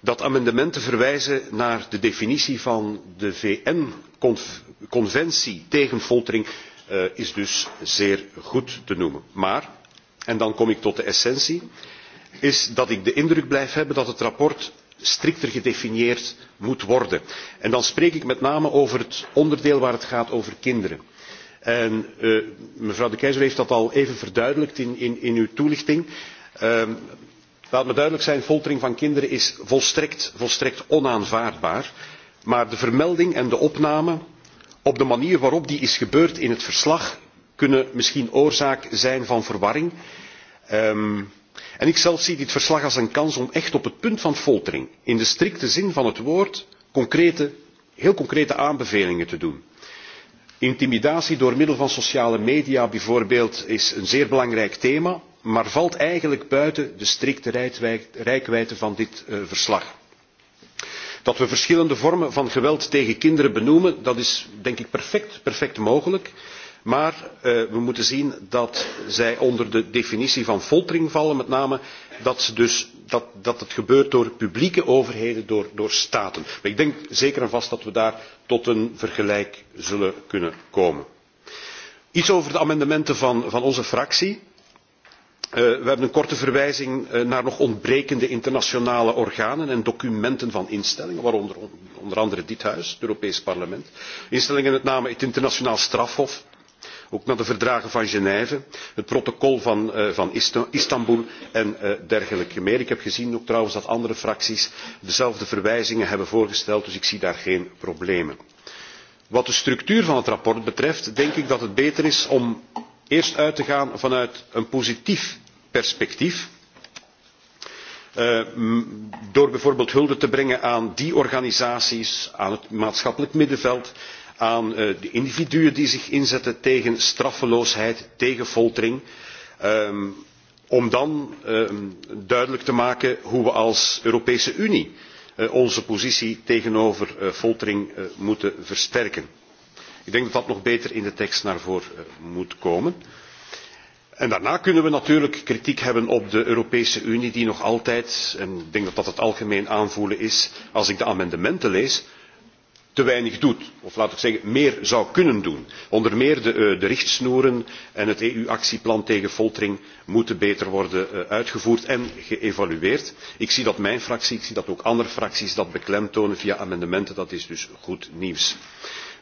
Speaker 2: dat amendement te verwijzen naar de definitie van de vn conventie tegen foltering eh, is dus zeer goed te noemen. maar en dan kom ik tot de essentie is dat ik de indruk blijf hebben dat het verslag strikter gedefinieerd moet worden. en dan spreek ik met name over het onderdeel waar het gaat over kinderen. En, eh, mevrouw de keyser heeft dat al even verduidelijkt in, in, uw toelichting. Ehm, laat me duidelijk zijn foltering van kinderen is volstrekt, onaanvaardbaar maar de vermelding en de opname op de manier waarop die is gebeurd in het verslag kunnen misschien oorzaak zijn van verwarring. Ehm, en ikzelf zie dit verslag als een kans om echt op het punt van foltering in de strikte zin van het woord concrete, heel concrete aanbevelingen te doen. Intimidatie door middel van sociale media bijvoorbeeld is een zeer belangrijk thema maar valt eigenlijk buiten de strikte reikwijdte van dit eh, verslag. Dat we verschillende vormen van geweld tegen kinderen benoemen, dat is denk ik perfect, mogelijk. Maar eh, we moeten zien dat zij onder de definitie van foltering vallen, met name dat, ze dus, dat, dat het gebeurt door publieke overheden, door, door staten. Maar ik denk zeker en vast dat we daar tot een vergelijk zullen kunnen komen. Iets over de amendementen van, van onze fractie. Eh, we hebben een korte verwijzing eh, naar nog ontbrekende internationale organen en documenten van instellingen waaronder onder andere dit huis het europees parlement instellingen met name het internationaal strafhof ook naar de verdragen van genève het protocol van, uh, van istanboel en dergelijke meer. ik heb gezien ook trouwens dat andere fracties dezelfde verwijzingen hebben voorgesteld dus ik zie daar geen problemen. wat de structuur van het verslag betreft denk ik dat het beter is om eerst uit te gaan vanuit een positief perspectief eh, door bijvoorbeeld hulde te brengen aan die organisaties aan het maatschappelijk middenveld aan eh, de individuen die zich inzetten tegen straffeloosheid tegen foltering ehm, om dan ehm, duidelijk te maken hoe we als europese unie eh, onze positie tegenover foltering moeten versterken. Ik denk dat dat nog beter in de tekst naar voren eh, moet komen. En daarna kunnen we natuurlijk kritiek hebben op de Europese Unie die nog altijd, en ik denk dat dat het algemeen aanvoelen is, als ik de amendementen lees, te weinig doet. Of laat ik zeggen, meer zou kunnen doen. Onder meer de, eh, de richtsnoeren en het EU-actieplan tegen foltering moeten beter worden eh, uitgevoerd en geëvalueerd. Ik zie dat mijn fractie, ik zie dat ook andere fracties dat beklemtonen via amendementen. Dat is dus goed nieuws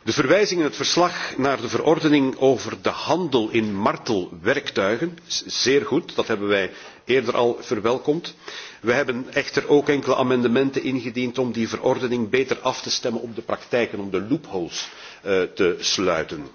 Speaker 2: de verwijzing in het verslag naar de verordening over de handel in martelwerktuigen is zeer goed dat hebben wij eerder al verwelkomd. wij hebben echter ook enkele amendementen ingediend om die verordening beter af te stemmen op de praktijk en om de loopholes eh, te sluiten.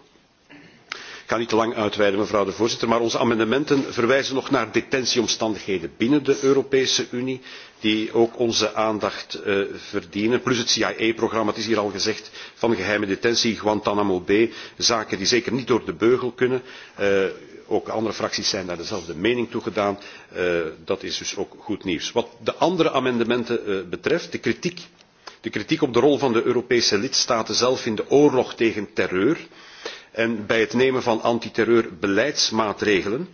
Speaker 2: Ik ga niet te lang uitweiden, mevrouw de voorzitter, maar onze amendementen verwijzen nog naar detentieomstandigheden binnen de Europese Unie, die ook onze aandacht eh, verdienen. Plus het CIA-programma, het is hier al gezegd, van geheime detentie, guantnamo Bay, zaken die zeker niet door de beugel kunnen. Eh, ook andere fracties zijn daar dezelfde mening toe gedaan. Eh, dat is dus ook goed nieuws. Wat de andere amendementen betreft, de kritiek op de rol van de Europese lidstaten zelf in de oorlog tegen terreur en bij het nemen van antiterreurbeleidsmaatregelen.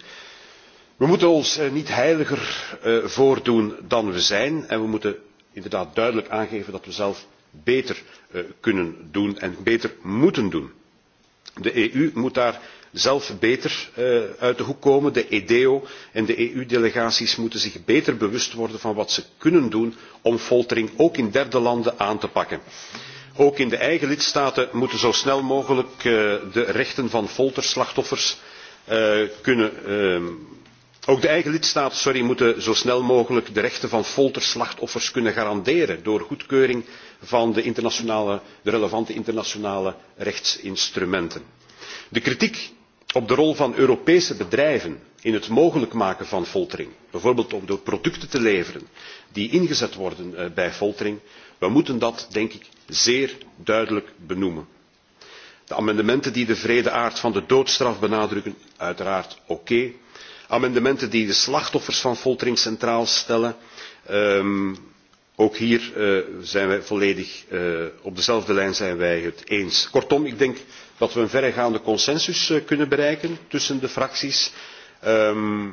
Speaker 2: we moeten ons eh, niet heiliger eh, voordoen dan we zijn en we moeten inderdaad duidelijk aangeven dat we zelf beter eh, kunnen doen en beter moeten doen. de eu moet daar zelf beter uit de hoek komen. de edeo en de eu delegaties moeten zich beter bewust worden van wat ze kunnen doen om foltering ook in derde landen aan te pakken ook in de eigen lidstaten moeten zo snel mogelijk eh, de rechten van folterslachtoffers eh, kunnen ehm, ook de eigen lidstaten moeten zo snel mogelijk de rechten van folterslachtoffers kunnen garanderen door goedkeuring van de relevante internationale rechtsinstrumenten. De kritiek op de rol van Europese bedrijven in het mogelijk maken van foltering, bijvoorbeeld door producten te leveren die ingezet worden eh, bij foltering, we moeten dat denk ik zeer duidelijk benoemen. de amendementen die de wrede aard van de doodstraf benadrukken uiteraard oké. amendementen die de slachtoffers van foltering centraal stellen ehm, ook hier eh, zijn wij volledig eh, op dezelfde lijn zijn wij het eens. kortom ik denk dat we een verregaande consensus eh, kunnen bereiken tussen de fracties ehm,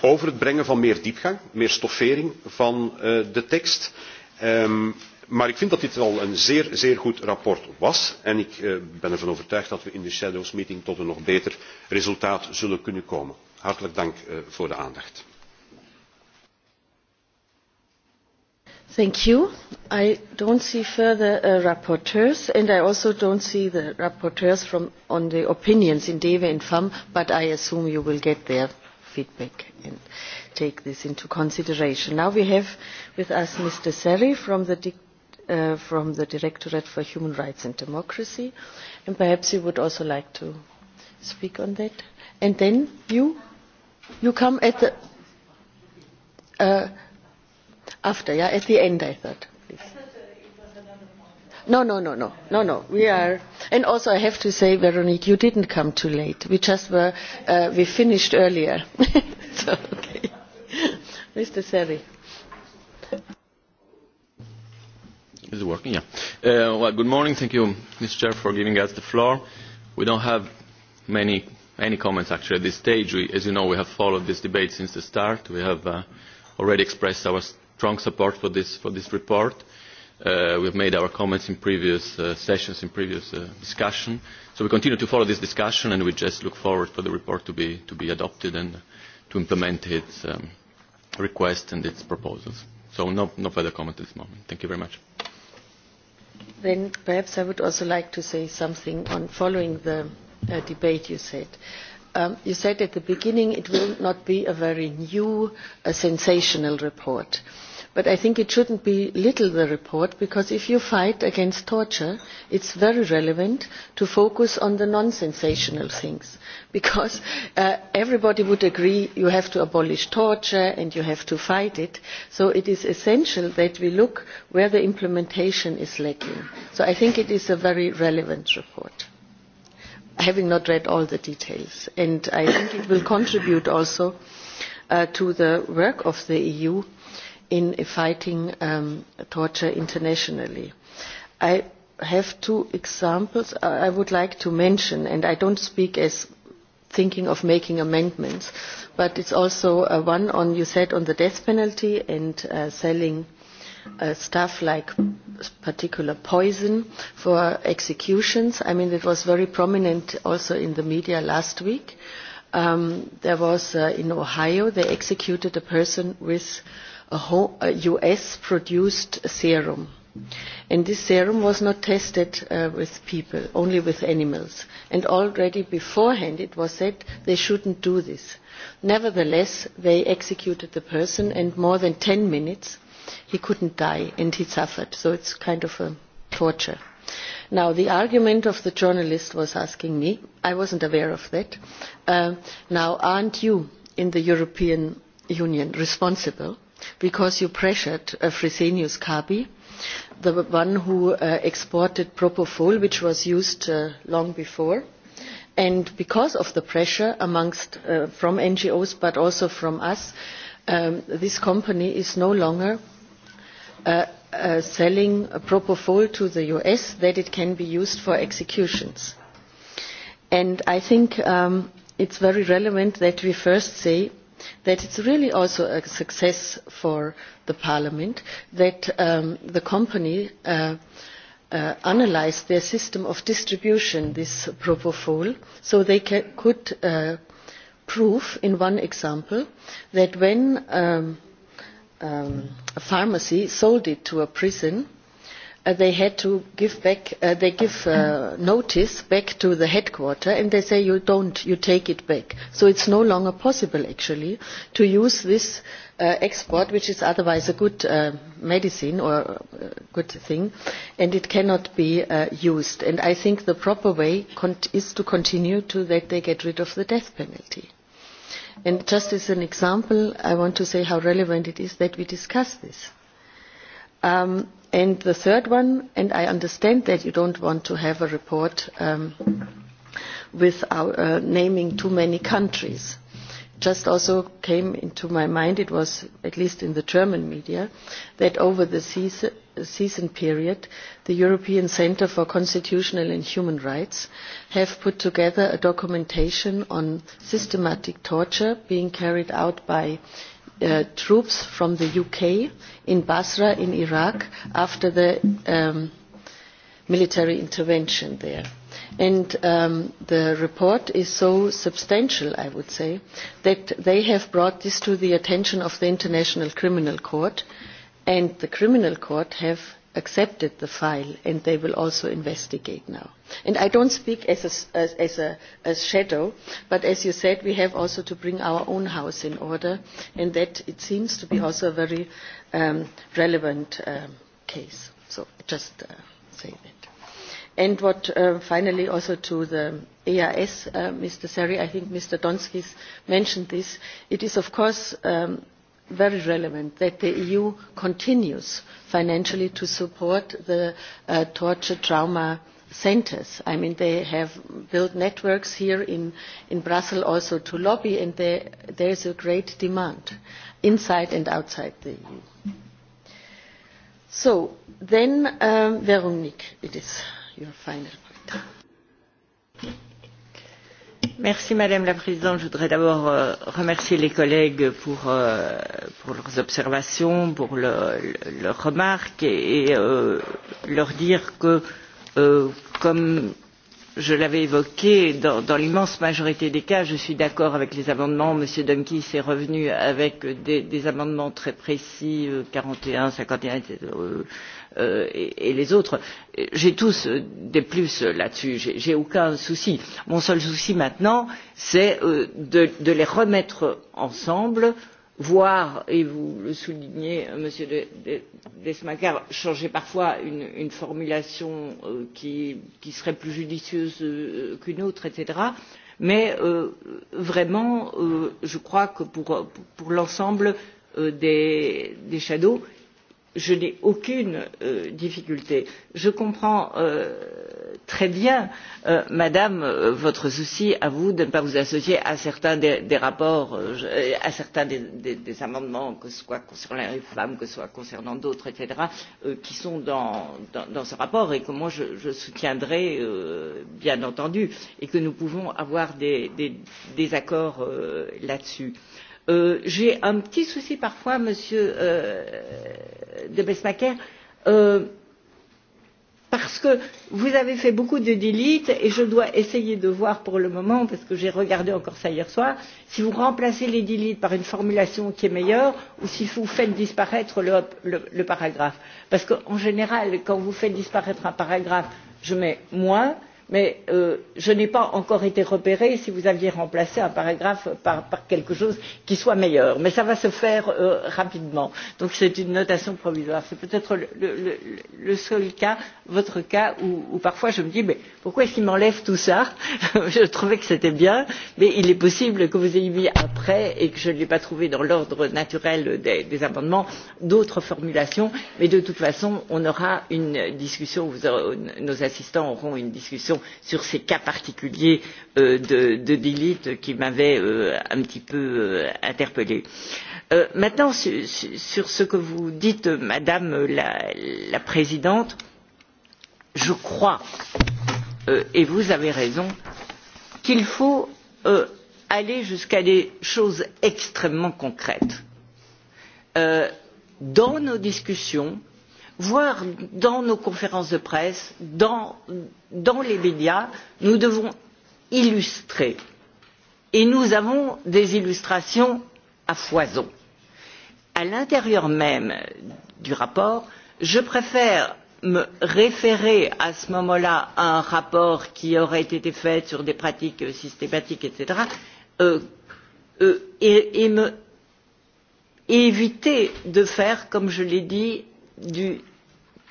Speaker 2: over het brengen van meer diepgang meer stoffering van de tekst ehm, maar ik vind dat dit al een zeer, zeer goed verslag was en ik eh, ben ervan overtuigd dat we in de shadows tot een nog beter resultaat zullen kunnen komen. Hartelijk dank eh, voor de aandacht.
Speaker 1: Thank you. I don't see further uh, rapporteurs, and I also don't see the rapporteurs from, on the opinions in DEVE and FAM, but I assume you will get their feedback and take this into consideration. Now we have with us Mr. Seri from the Uh, from the Directorate for Human Rights and Democracy. And perhaps you would also like to speak on that. And then you, you come at the, uh, after, yeah, at the end, I thought. Please. No, no, no, no, no, no. We are, and also I have to say, Veronique, you didn't come too late. We just were, uh, we finished earlier. so, okay. Mr. Seri.
Speaker 5: Is it working? Yeah. Uh, well, good morning. Thank you, Mr. Chair, for giving us the floor. We don't have many any comments actually at this stage. We, as you know, we have followed this debate since the start. We have uh, already expressed our strong support for this for this report. Uh, we have made our comments in previous uh, sessions, in previous uh, discussion. So we continue to follow this discussion, and we just look forward for the report to be to be adopted and uh, to implement its um, request and its proposals. So no, no further comment at this moment. Thank you very much
Speaker 1: then perhaps I would also like to say something on following the uh, debate you said. Um, you said at the beginning it will not be a very new, a uh, sensational report. Uh, but i think it should not belittle the report because if you fight against torture it is very relevant to focus on the non sensational things because uh, everybody would agree that you have to abolish torture and you have to fight it so it is essential that we look where the implementation is lacking. so i think it is a very relevant report having not read all the details and i think it will contribute also uh, to the work of the eu in fighting um, torture internationally. I have two examples uh, I would like to mention, and I don't speak as thinking of making amendments, but it's also uh, one on, you said, on the death penalty and uh, selling uh, stuff like particular poison for executions. I mean, it was very prominent also in the media last week. Um, there was uh, in Ohio, they executed a person with us produced serum and this serum was not tested uh, with people only with animals and already beforehand it was said they should not do this nevertheless they executed the person and more than ten minutes he could not die and he suffered so it it's kind of a torture now the argument of the journalist was asking me i wasn't aware of that uh, now aren't you in the european union responsible because you pressured uh, Fresenius Kabi, the one who uh, exported propofol, which was used uh, long before. And because of the pressure amongst, uh, from NGOs, but also from us, um, this company is no longer uh, uh, selling propofol to the US that it can be used for executions. And I think um, it's very relevant that we first say that it's really also a success for the parliament that um, the company uh, uh, analysed their system of distribution, this propofol, so they ca could uh, prove in one example that when um, um, a pharmacy sold it to a prison, Uh, they had to give back uh, they give uh, notice back to the headquarter and they say you don't you take it back so it's no longer possible actually to use this uh, export which is otherwise a good uh, medicine or a uh, good thing and it cannot be uh, used and i think the proper way is to continue to that they get rid of the death penalty and just as an example i want to say how relevant it is that we discuss this Um, and the third one, and I understand that you don't want to have a report um, with our, uh, naming too many countries. Just also came into my mind, it was at least in the German media, that over the season, season period, the European Centre for Constitutional and Human Rights have put together a documentation on systematic torture being carried out by uh, troops from the UK in Basra in Iraq after the um, military intervention there. And um, the report is so substantial, I would say, that they have brought this to the attention of the International Criminal Court, and the Criminal Court have accepted the file and they will also investigate now. And I don't speak as a, as, as a, as shadow, but as you said, we have also to bring our own house in order, and that it seems to be also a very um, relevant um, case. So just uh, say that. And what uh, finally also to the EIS, uh, Mr. Seri, I think Mr. Donskis mentioned this. It is of course um, very relevant that the EU continues financially to support the uh, torture trauma centres. I mean, they have built networks here in, in Brussels also to lobby, and there, there is a great demand inside and outside the EU. So, then, um, Veronique, it is your final point
Speaker 3: madame la présidente je voudrais d'abord euh, remercier les collègues pour, euh, leurs observations pour leurs remarques et, euh, leur dire que comme je l'avais évoqué dans, l'immense majorité des cas je suis d'accord avec les amendements m. donskis est revenu avec des, amendements très précis euh, quarante et un cinquante et un et euh, euh, les autres j'ai tous des plus là dessus j'ai aucun souci. mon seul souci maintenant c'est de, de les remettre ensemble pour voir et vous le soulignez euh, monsieur demesmaeker changer parfois une, formulation euh, qui, serait plus judicieuse euh, qu'une autre etc. mais vraiment je crois que pour, l'ensemble des, rapporteurs fictifs je n'ai aucune euh, difficulté. je comprends euh, très bien euh, madame euh, votre souci à vous de ne pas vous associer à certains des, des rapports euh, euh, à certains des, des, des amendements que ce soit concernant les femmes que ce soit concernant d'autres etc. qui sont dans, dans, dans ce rapport et que moi je, je soutiendrai bien entendu et que nous pouvons avoir des accords là dessus. Euh, j'ai un petit souci parfois monsieur euh, de besmacher euh, parce que vous avez fait beaucoup de delete et je dois essayer de voir pour le moment parce que j'ai regardé encore ça hier soir si vous remplacez les delete par une formulation qui est meilleure ou si vous faites disparaître le, le, le paragraphe parce qu'en général quand vous faites disparaître un paragraphe je mets moins mais euh, je n'ai pas encore été repérée si vous aviez remplacé un paragraphe par, quelque chose qui soit meilleur mais cela va se faire euh, rapidement donc c'est une notation provisoire. c'est peut être le, seul cas votre cas où, parfois je me dis mais pourquoi est ce qu'il m'enlève tout cela? je trouvais que c'était bien mais il est possible que vous ayez mis après et que je n'ai pas trouvé dans l'ordre naturel des, des amendements d'autres formulations mais de toute façon on aura une discussion vous aurez, nos assistants auront une discussion commission sur ces cas particuliers euh, de, de qui m'avaient euh, un petit peu euh, interpellée. maintenant sur ce que vous dites madame la, la présidente je crois et vous avez raison qu'il faut aller jusqu'à des choses extrêmement concrètes. dans nos discussions voire dans nos conférences de presse dans, les médias nous devons illustrer et nous avons des illustrations à foison. à l'intérieur même du rapport je préfère me référer à ce moment là à un rapport qui aurait été fait sur des pratiques systématiques etc. Euh, euh, et éviter de faire comme je l'ai dit du,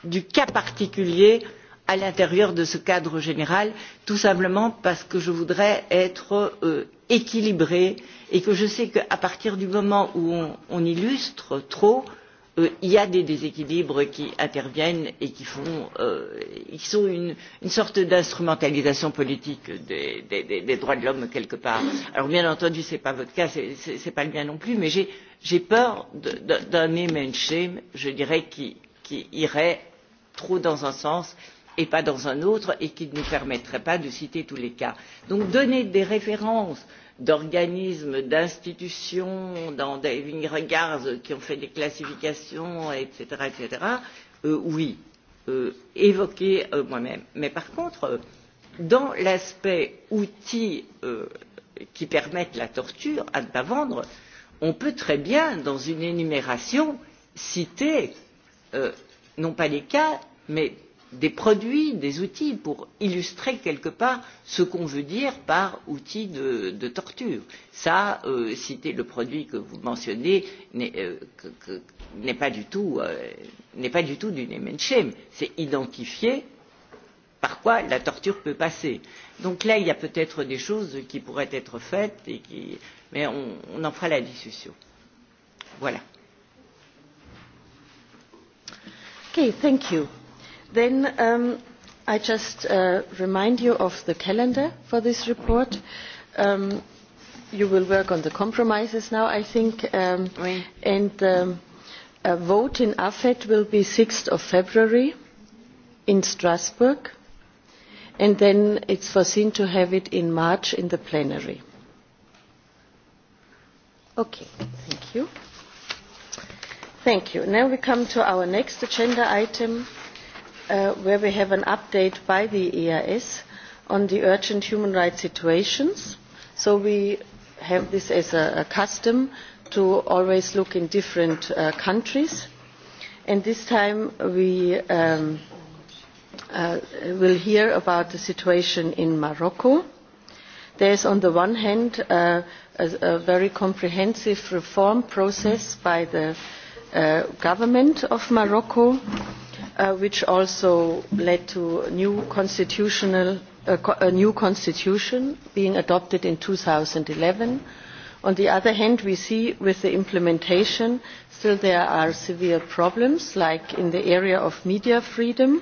Speaker 3: du cas particulier à l'intérieur de ce cadre général tout simplement parce que je voudrais être euh, équilibrée et que je sais qu'à partir du moment où on, illustre trop Euh, il y a des déséquilibres qui interviennent et qui, euh, sont une, sorte d'instrumentalisation politique des, droits de l'homme quelque part. alors bien entendu ce n'est pas votre cas ce n'est pas le mien non plus mais j'ai peur d'un mainstream je dirais qui, irait trop dans un sens et pas dans un autre et qui ne nous permettrait pas de citer tous les cas. donc donner des références d'organismes d'institutions dans david regards qui ont fait des classifications etc. etc. Euh, oui euh, évoqué euh, moi même mais par contre euh, dans l'aspect outils euh, qui permettent la torture à ne pas vendre on peut très bien dans une énumération citer euh, non pas les cas mais des produits, des outils pour illustrer quelque part ce qu'on veut dire par outil de, de torture. Ça, euh, citer le produit que vous mentionnez n'est euh, pas du tout euh, n'est pas du tout du C'est identifier par quoi la torture peut passer. Donc là, il y a peut-être des choses qui pourraient être faites, et qui... mais on, on en fera la discussion. Voilà.
Speaker 1: Okay, thank you. Then um, I just uh, remind you of the calendar for this report. Um, you will work on the compromises now, I think. Um, oui. And um, a vote in AFET will be 6th of February in Strasbourg. And then it's foreseen to have it in March in the plenary.
Speaker 4: Okay, thank you.
Speaker 1: Thank you. Now we come to our next agenda item Uh, where we have an update by the EIS on the urgent human rights situations. So we have this as a, a custom to always look in different uh, countries. And this time we um, uh, will hear about the situation in Morocco. There is on the one hand uh, a, a very comprehensive reform process by the uh, government of Morocco Uh, which also led to a new, uh, a new constitution being adopted in 2011. On the other hand, we see with the implementation still there are severe problems, like in the area of media freedom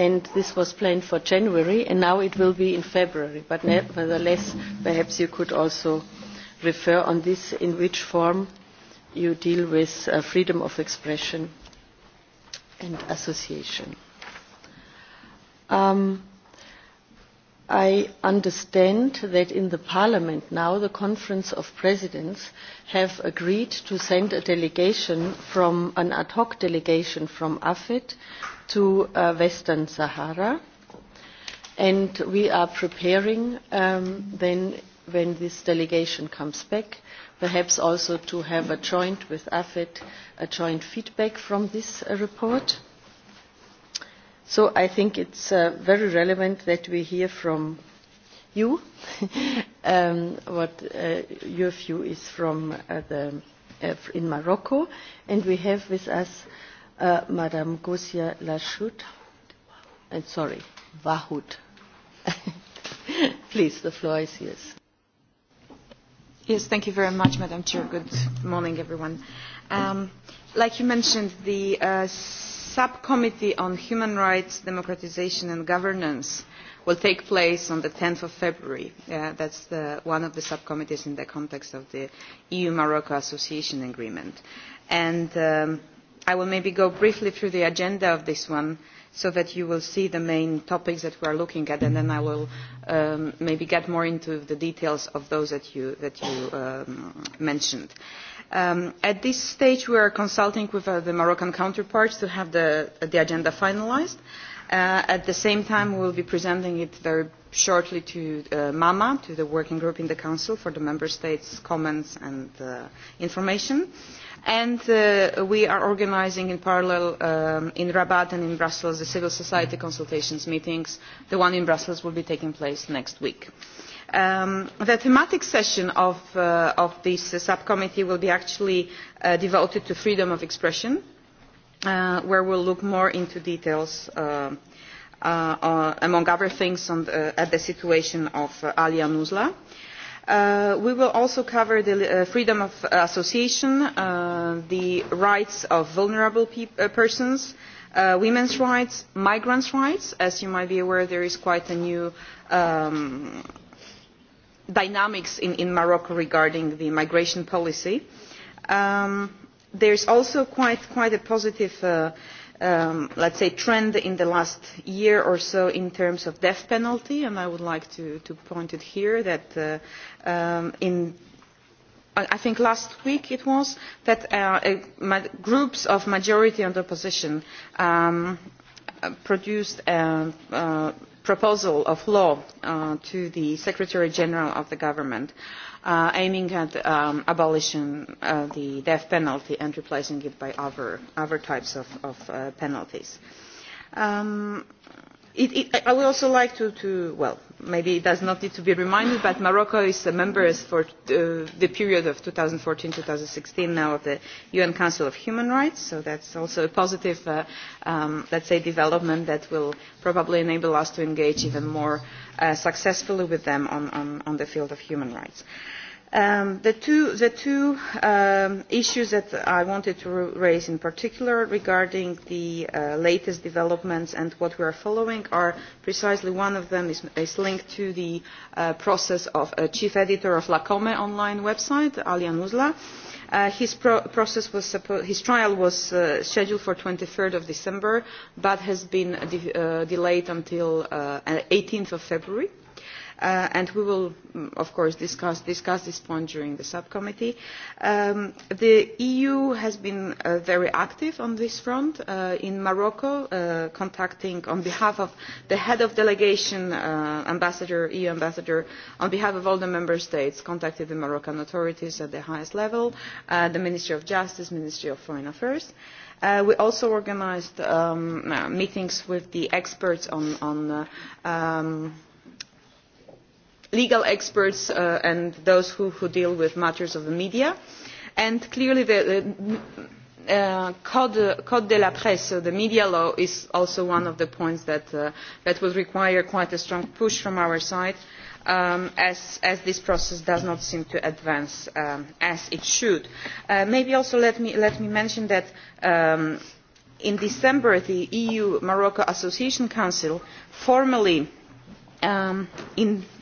Speaker 1: and this was planned for January, and now it will be in February. But nevertheless, perhaps you could also refer on this, in which form you deal with uh, freedom of expression and association. Um, I understand that in the Parliament now the Conference of Presidents have agreed to send a delegation from an ad hoc delegation from Afet to uh, Western Sahara, and we are preparing um, then when this delegation comes back, perhaps also to have a joint with Afet a joint feedback from this uh, report So I think it's uh, very relevant that we hear from you um, what uh, your view is from uh, the, uh, in Morocco. And we have with us uh, Madame Gosia Lachoud. And uh, sorry, Wahoud. Please, the floor is yours.
Speaker 6: Yes, thank you very much, Madam Chair. Good morning, everyone. Um, like you mentioned, the uh, subcommittee on human rights democratisation and governance will take place on ten february. that is one of the subcommittees in the context of the eu morocco association agreement. And, um, i will maybe go briefly through the agenda of this one so that you will see the main topics that we are looking at and then I will um, maybe get more into the details of those that you, that you um, mentioned. Um, at this stage we are consulting with uh, the Moroccan counterparts to have the, the agenda finalised. Uh, at the same time, we will be presenting it very shortly to uh, MAMA, to the working group in the Council for the Member States' comments and uh, information. Uh, and uh, we are organising in parallel um, in rabat and in brussels the civil society consultations meetings. the one in brussels will be taking place next week. Um, the thematic session uh, of, this subcommittee will be actually uh, devoted to freedom of expression where we will look more into details um, among other things at the situation of alia nusra. Uh, we will also cover the uh, freedom of association uh, the rights of vulnerable persons women's rights migrants' rights as you might be aware there is quite a new dynamic um, dynamics in, morocco regarding the migration policy. Um, there is also quite, quite a positive Um, let's say, trend in the last year or so in terms of death penalty, and I would like to, to point it here that uh, um, in I think last week it was that uh, groups of majority and opposition um, uh, produced uh, uh, proposal of law uh, to the Secretary General of the government uh, aiming at um, abolishing uh, the death penalty and replacing it by other, other types of, of uh, penalties. Um, i would also like to, well maybe it does not need to be reminded but morocco is a member for uh, the period of two thousand and fourteen two thousand and sixteen now of the un council of human rights so that is also a positive uh, um, let us say development that will probably enable us to engage even more uh, successfully with them on the field of human rights. Um, the two, the two um, issues that I wanted to raise in particular regarding the uh, latest developments and what we are following are precisely one of them is, is linked to the uh, process of a chief editor of Lacome online website, Alian Uzla. Uh, his, pro process was his trial was uh, scheduled for 23rd of December, but has been de uh, delayed until uh, 18th of February. Uh, and we will mm, of course discuss, this point during the subcommittee. Um, the eu has been uh, very active on this front uh, in morocco contacting on behalf of the head of delegation ambassador, eu ambassador on behalf of all the member states contacted the moroccan authorities at the highest level the ministry of justice the ministry of foreign affairs. we also organised um, meetings with the experts on, um, legal experts uh, and those who, deal with matters of the media and clearly the, uh, code, de la presse so the media law is also one of the points that, will uh, that would require quite a strong push from our side um, as, this process does not seem to advance um, as it should. maybe also let me, let me mention that um, in december the eu morocco association council formally Um,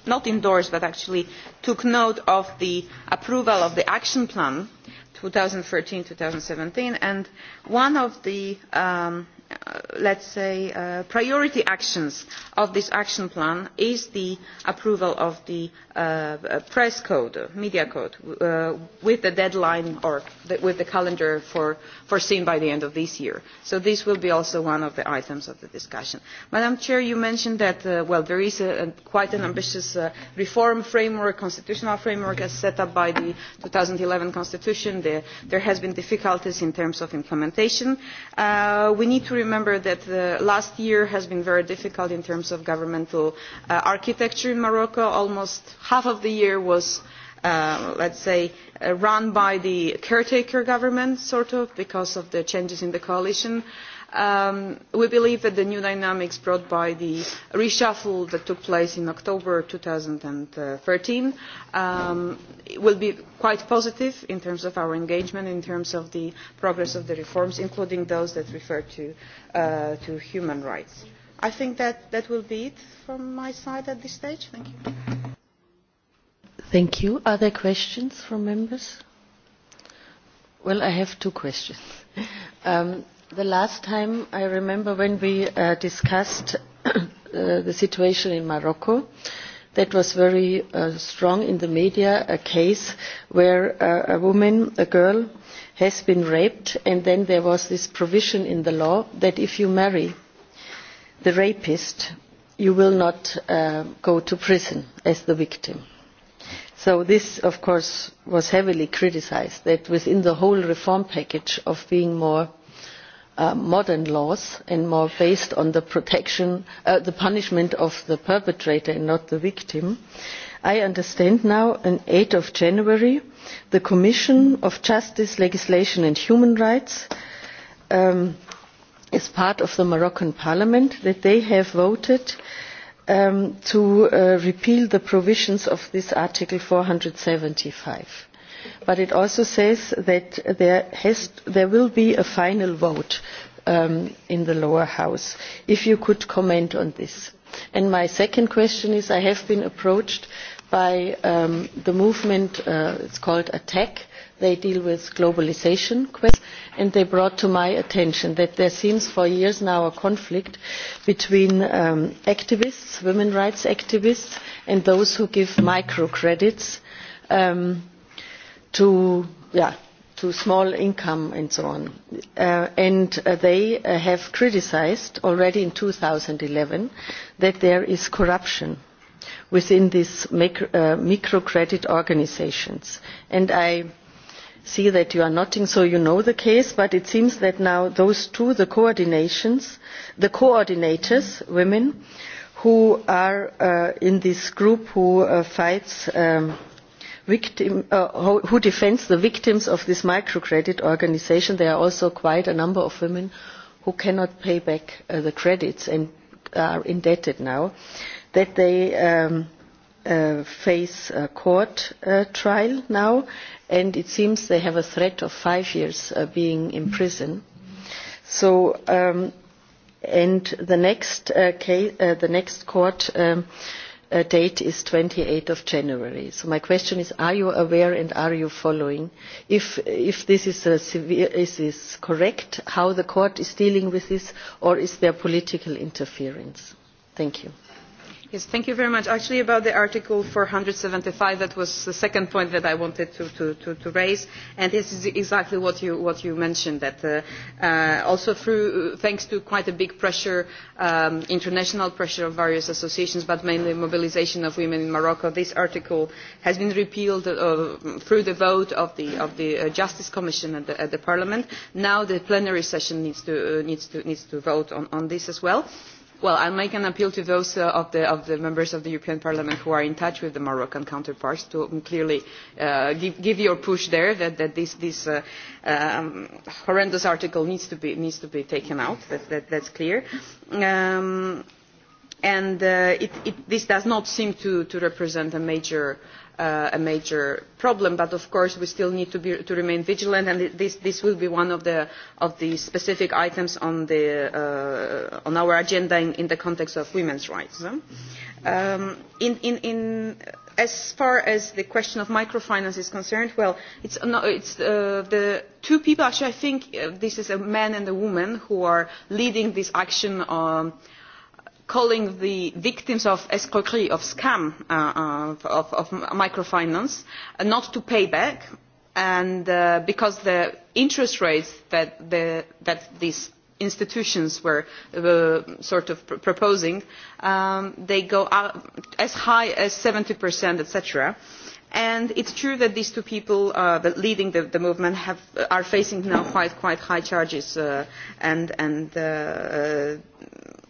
Speaker 6: not endorsed but actually took note of the approval of the action plan two thousand and thirteen two thousand and seventeen and one of the um, Uh, let us say uh, priority actions of this action plan is the approval of the uh, press code media code with the deadline or the, with the calendar for, foreseen by the end of this year. so this will be also one of the items of the discussion. madam chair you mentioned that well, there is quite an ambitious reform framework constitutional framework as set up by the two thousand and eleven constitution. there have been difficulties in terms of implementation. we need to remember that the uh, last year has been very difficult in terms of governmental uh, architecture in Morocco. Almost half of the year was Uh, let's say, uh, run by the caretaker government, sort of, because of the changes in the coalition. Uh, Um, we believe that the new dynamics brought by the reshuffle that took place in October 2013 thirteen um, will be quite positive in terms of our engagement, in terms of the progress of the reforms, including those that refer to, uh, to human rights. I think that, that will be it from my side at this stage. Thank you.
Speaker 1: Thank you. Are there questions from members? Well, I have two questions. Um, the last time I remember when we uh, discussed uh, the situation in Morocco, that was very uh, strong in the media, a case where uh, a woman, a girl, has been raped, and then there was this provision in the law that if you marry the rapist, you will not uh, go to prison as the victim. So this, of course, was heavily criticized, that within the whole reform package of being more Uh, modern laws and more based on the protection uh, the punishment of the perpetrator and not the victim i understand now that on eight january the commission of justice legislation and human rights as um, part of the moroccan parliament voted um, to uh, repeal the provisions of this article four hundred and seventy five but it also says that there, will be a final vote um, in the lower house. If you could comment on this. my second question is, I have been approached by um, the movement, uh, it's called ATTACK, they deal with globalisation questions and they brought to my attention that there seems for years now a conflict between um, activists women's rights activists and those who give microcredits um, to yeah, to small income and so on. Uh, and uh, they uh, have criticised already in 2011 that there is corruption within these micro, uh, microcredit organisations. And I see that you are nodding, so you know the case, but it seems that now those two, the coordinations, the coordinators, women, who are uh, in this group who uh, fights um, Uh, who defends the victims of this microcredit organisation. There are also quite a number of women who cannot pay back uh, the credits and are indebted now, that they um, uh, face a court trial now, and it seems they have a threat of five years being in prison. So, um, and the next, case, the next court um, Uh, date is 28 eight of January. So my question is, are you aware and are you following? If, if this is, uh, is correct, how the court is dealing with this, or is there political interference? Thank you.
Speaker 6: Yes, thank you very much. Actually, about the Article 475, that was the second point that I wanted to, to, to, to raise, and this is exactly what you, what you mentioned, that uh, uh, also through, thanks to quite a big pressure, um, international pressure of various associations, but mainly mobilization of women in Morocco, this article has been repealed uh, through the vote of the, of the uh, Justice Commission at the, at the Parliament. Now the plenary session needs to, uh, needs to, needs to vote on, on this as well. Uh, Well, I'll make an appeal to those uh, of, the, of the members of the European Parliament who are in touch with the Moroccan counterparts to um, clearly uh, give, give your push there that, that this, this uh, um, horrendous article needs to be, needs to be taken out. That, that, that's clear. Um, and uh, it, it, this does not seem to, to represent a major uh, Uh, a major problem but of course we still need to, be, to remain vigilant and this, this will be one of the, of the specific items on, the, uh, on our agenda in, in the context of women's rights. Um, in, in, as far as the question of microfinance is concerned well it's, no, it's, uh, the two people actually i think uh, this is a man and a woman who are leading this action on um, calling the victims of escroquerie of scam uh, uh of, of microfinance uh, not to pay back and uh, because the interest rates that, the, that these institutions were uh, sort of pr proposing um, they go as high as 70% etc and it's true that these two people uh, the leading the, the movement have, are facing now quite quite high charges uh, and and uh,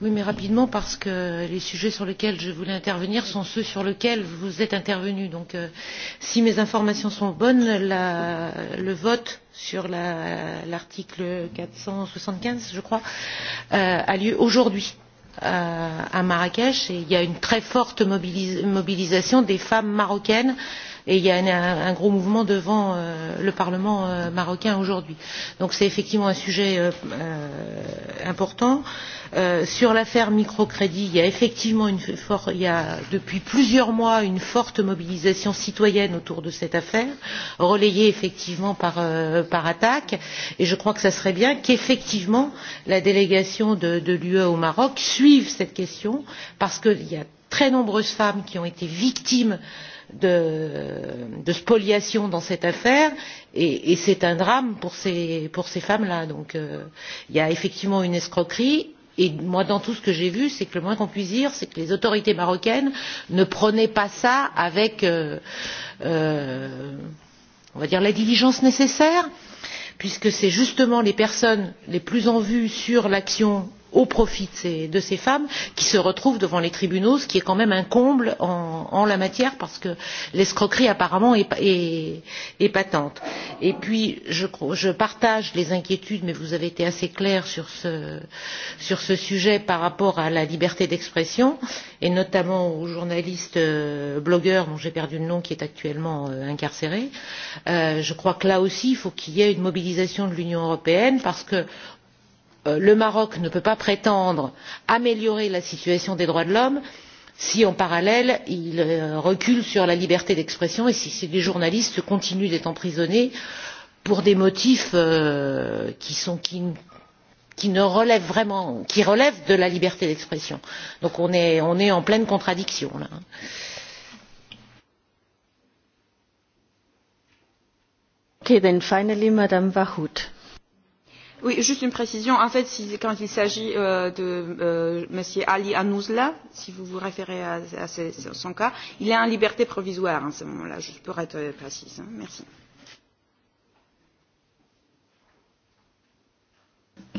Speaker 7: Oui, mais rapidement, parce que les sujets sur lesquels je voulais intervenir sont ceux sur lesquels vous êtes intervenu. Donc, euh, si mes informations sont bonnes, la, le vote sur l'article la, 475, je crois, euh, a lieu aujourd'hui euh, à Marrakech. Et il y a une très forte mobilis mobilisation des femmes marocaines euh, et il y a un, gros mouvement devant euh, le parlement euh, marocain aujourd'hui. donc c'est effectivement un sujet euh, important. sur l'affaire microcrédit il y a effectivement depuis plusieurs mois une forte mobilisation citoyenne autour de cette affaire relayée effectivement par, attac et je crois que ce serait bien qu'effectivement la délégation de, de l'ue au maroc suive cette question parce qu'il y a de très nombreuses femmes qui ont été victimes euh, de, spoliation dans cette affaire et, c'est un drame pour ces, pour ces femmes là. donc euh, il y a effectivement une escroquerie et moi dans tout ce que j'ai vu c'est que le moins qu'on puisse dire c'est que les autorités marocaines ne prenaient pas ça avec euh, euh, on va dire la diligence nécessaire puisque c'est justement les personnes les plus en vue sur l'action au profit de ces femmes qui se retrouvent devant les tribunaux ce qui est quand même un comble en, la matière parce que l'escroquerie apparemment est, patente. et puis je, partage les inquiétudes mais vous avez été assez claire sur ce, sujet par rapport à la liberté d'expression et notamment au journaliste euh, blogueur dont j'ai perdu le nom qui est actuellement euh, incarcéré. Euh, je crois que là aussi il faut qu'il y ait une mobilisation de l'union européenne parce que Euh, le maroc ne peut pas prétendre améliorer la situation des droits de l'homme si en parallèle il euh, recule sur la liberté d'expression et si des journalistes continuent d'être emprisonnés pour des motifs euh, qui, ne relèvent vraiment, qui de la liberté d'expression. donc on est, on en pleine contradiction là.
Speaker 6: Oui, juste une précision. En fait, si, quand il s'agit euh, de euh, M. Ali Anouzla, si vous vous référez à, à ce, son cas, il est en liberté provisoire en ce moment-là, juste pour être euh, précise. Hein. Merci.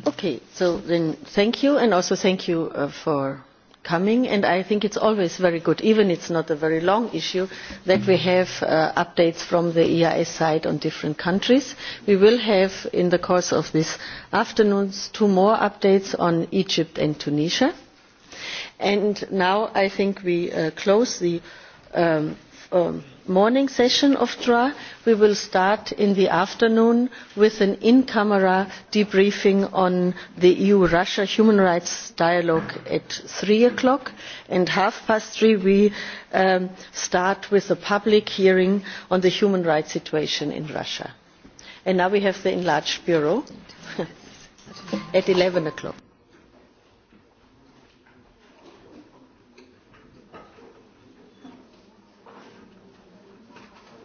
Speaker 1: Okay, so then thank you and also thank you uh, for coming and i think it is always very good even if it is not a very long issue that we have uh, updates from the eeas side on different countries. we will have in the course of this afternoon two more updates on egypt and tunisia. and now i think we uh, close the um, um, morning session of DRA. We will start in the afternoon with an in-camera debriefing on the EU-Russia human rights dialogue at three o'clock. And half past three we um, start with a public hearing on the human rights situation in Russia. And now we have the enlarged bureau at eleven
Speaker 7: o'clock.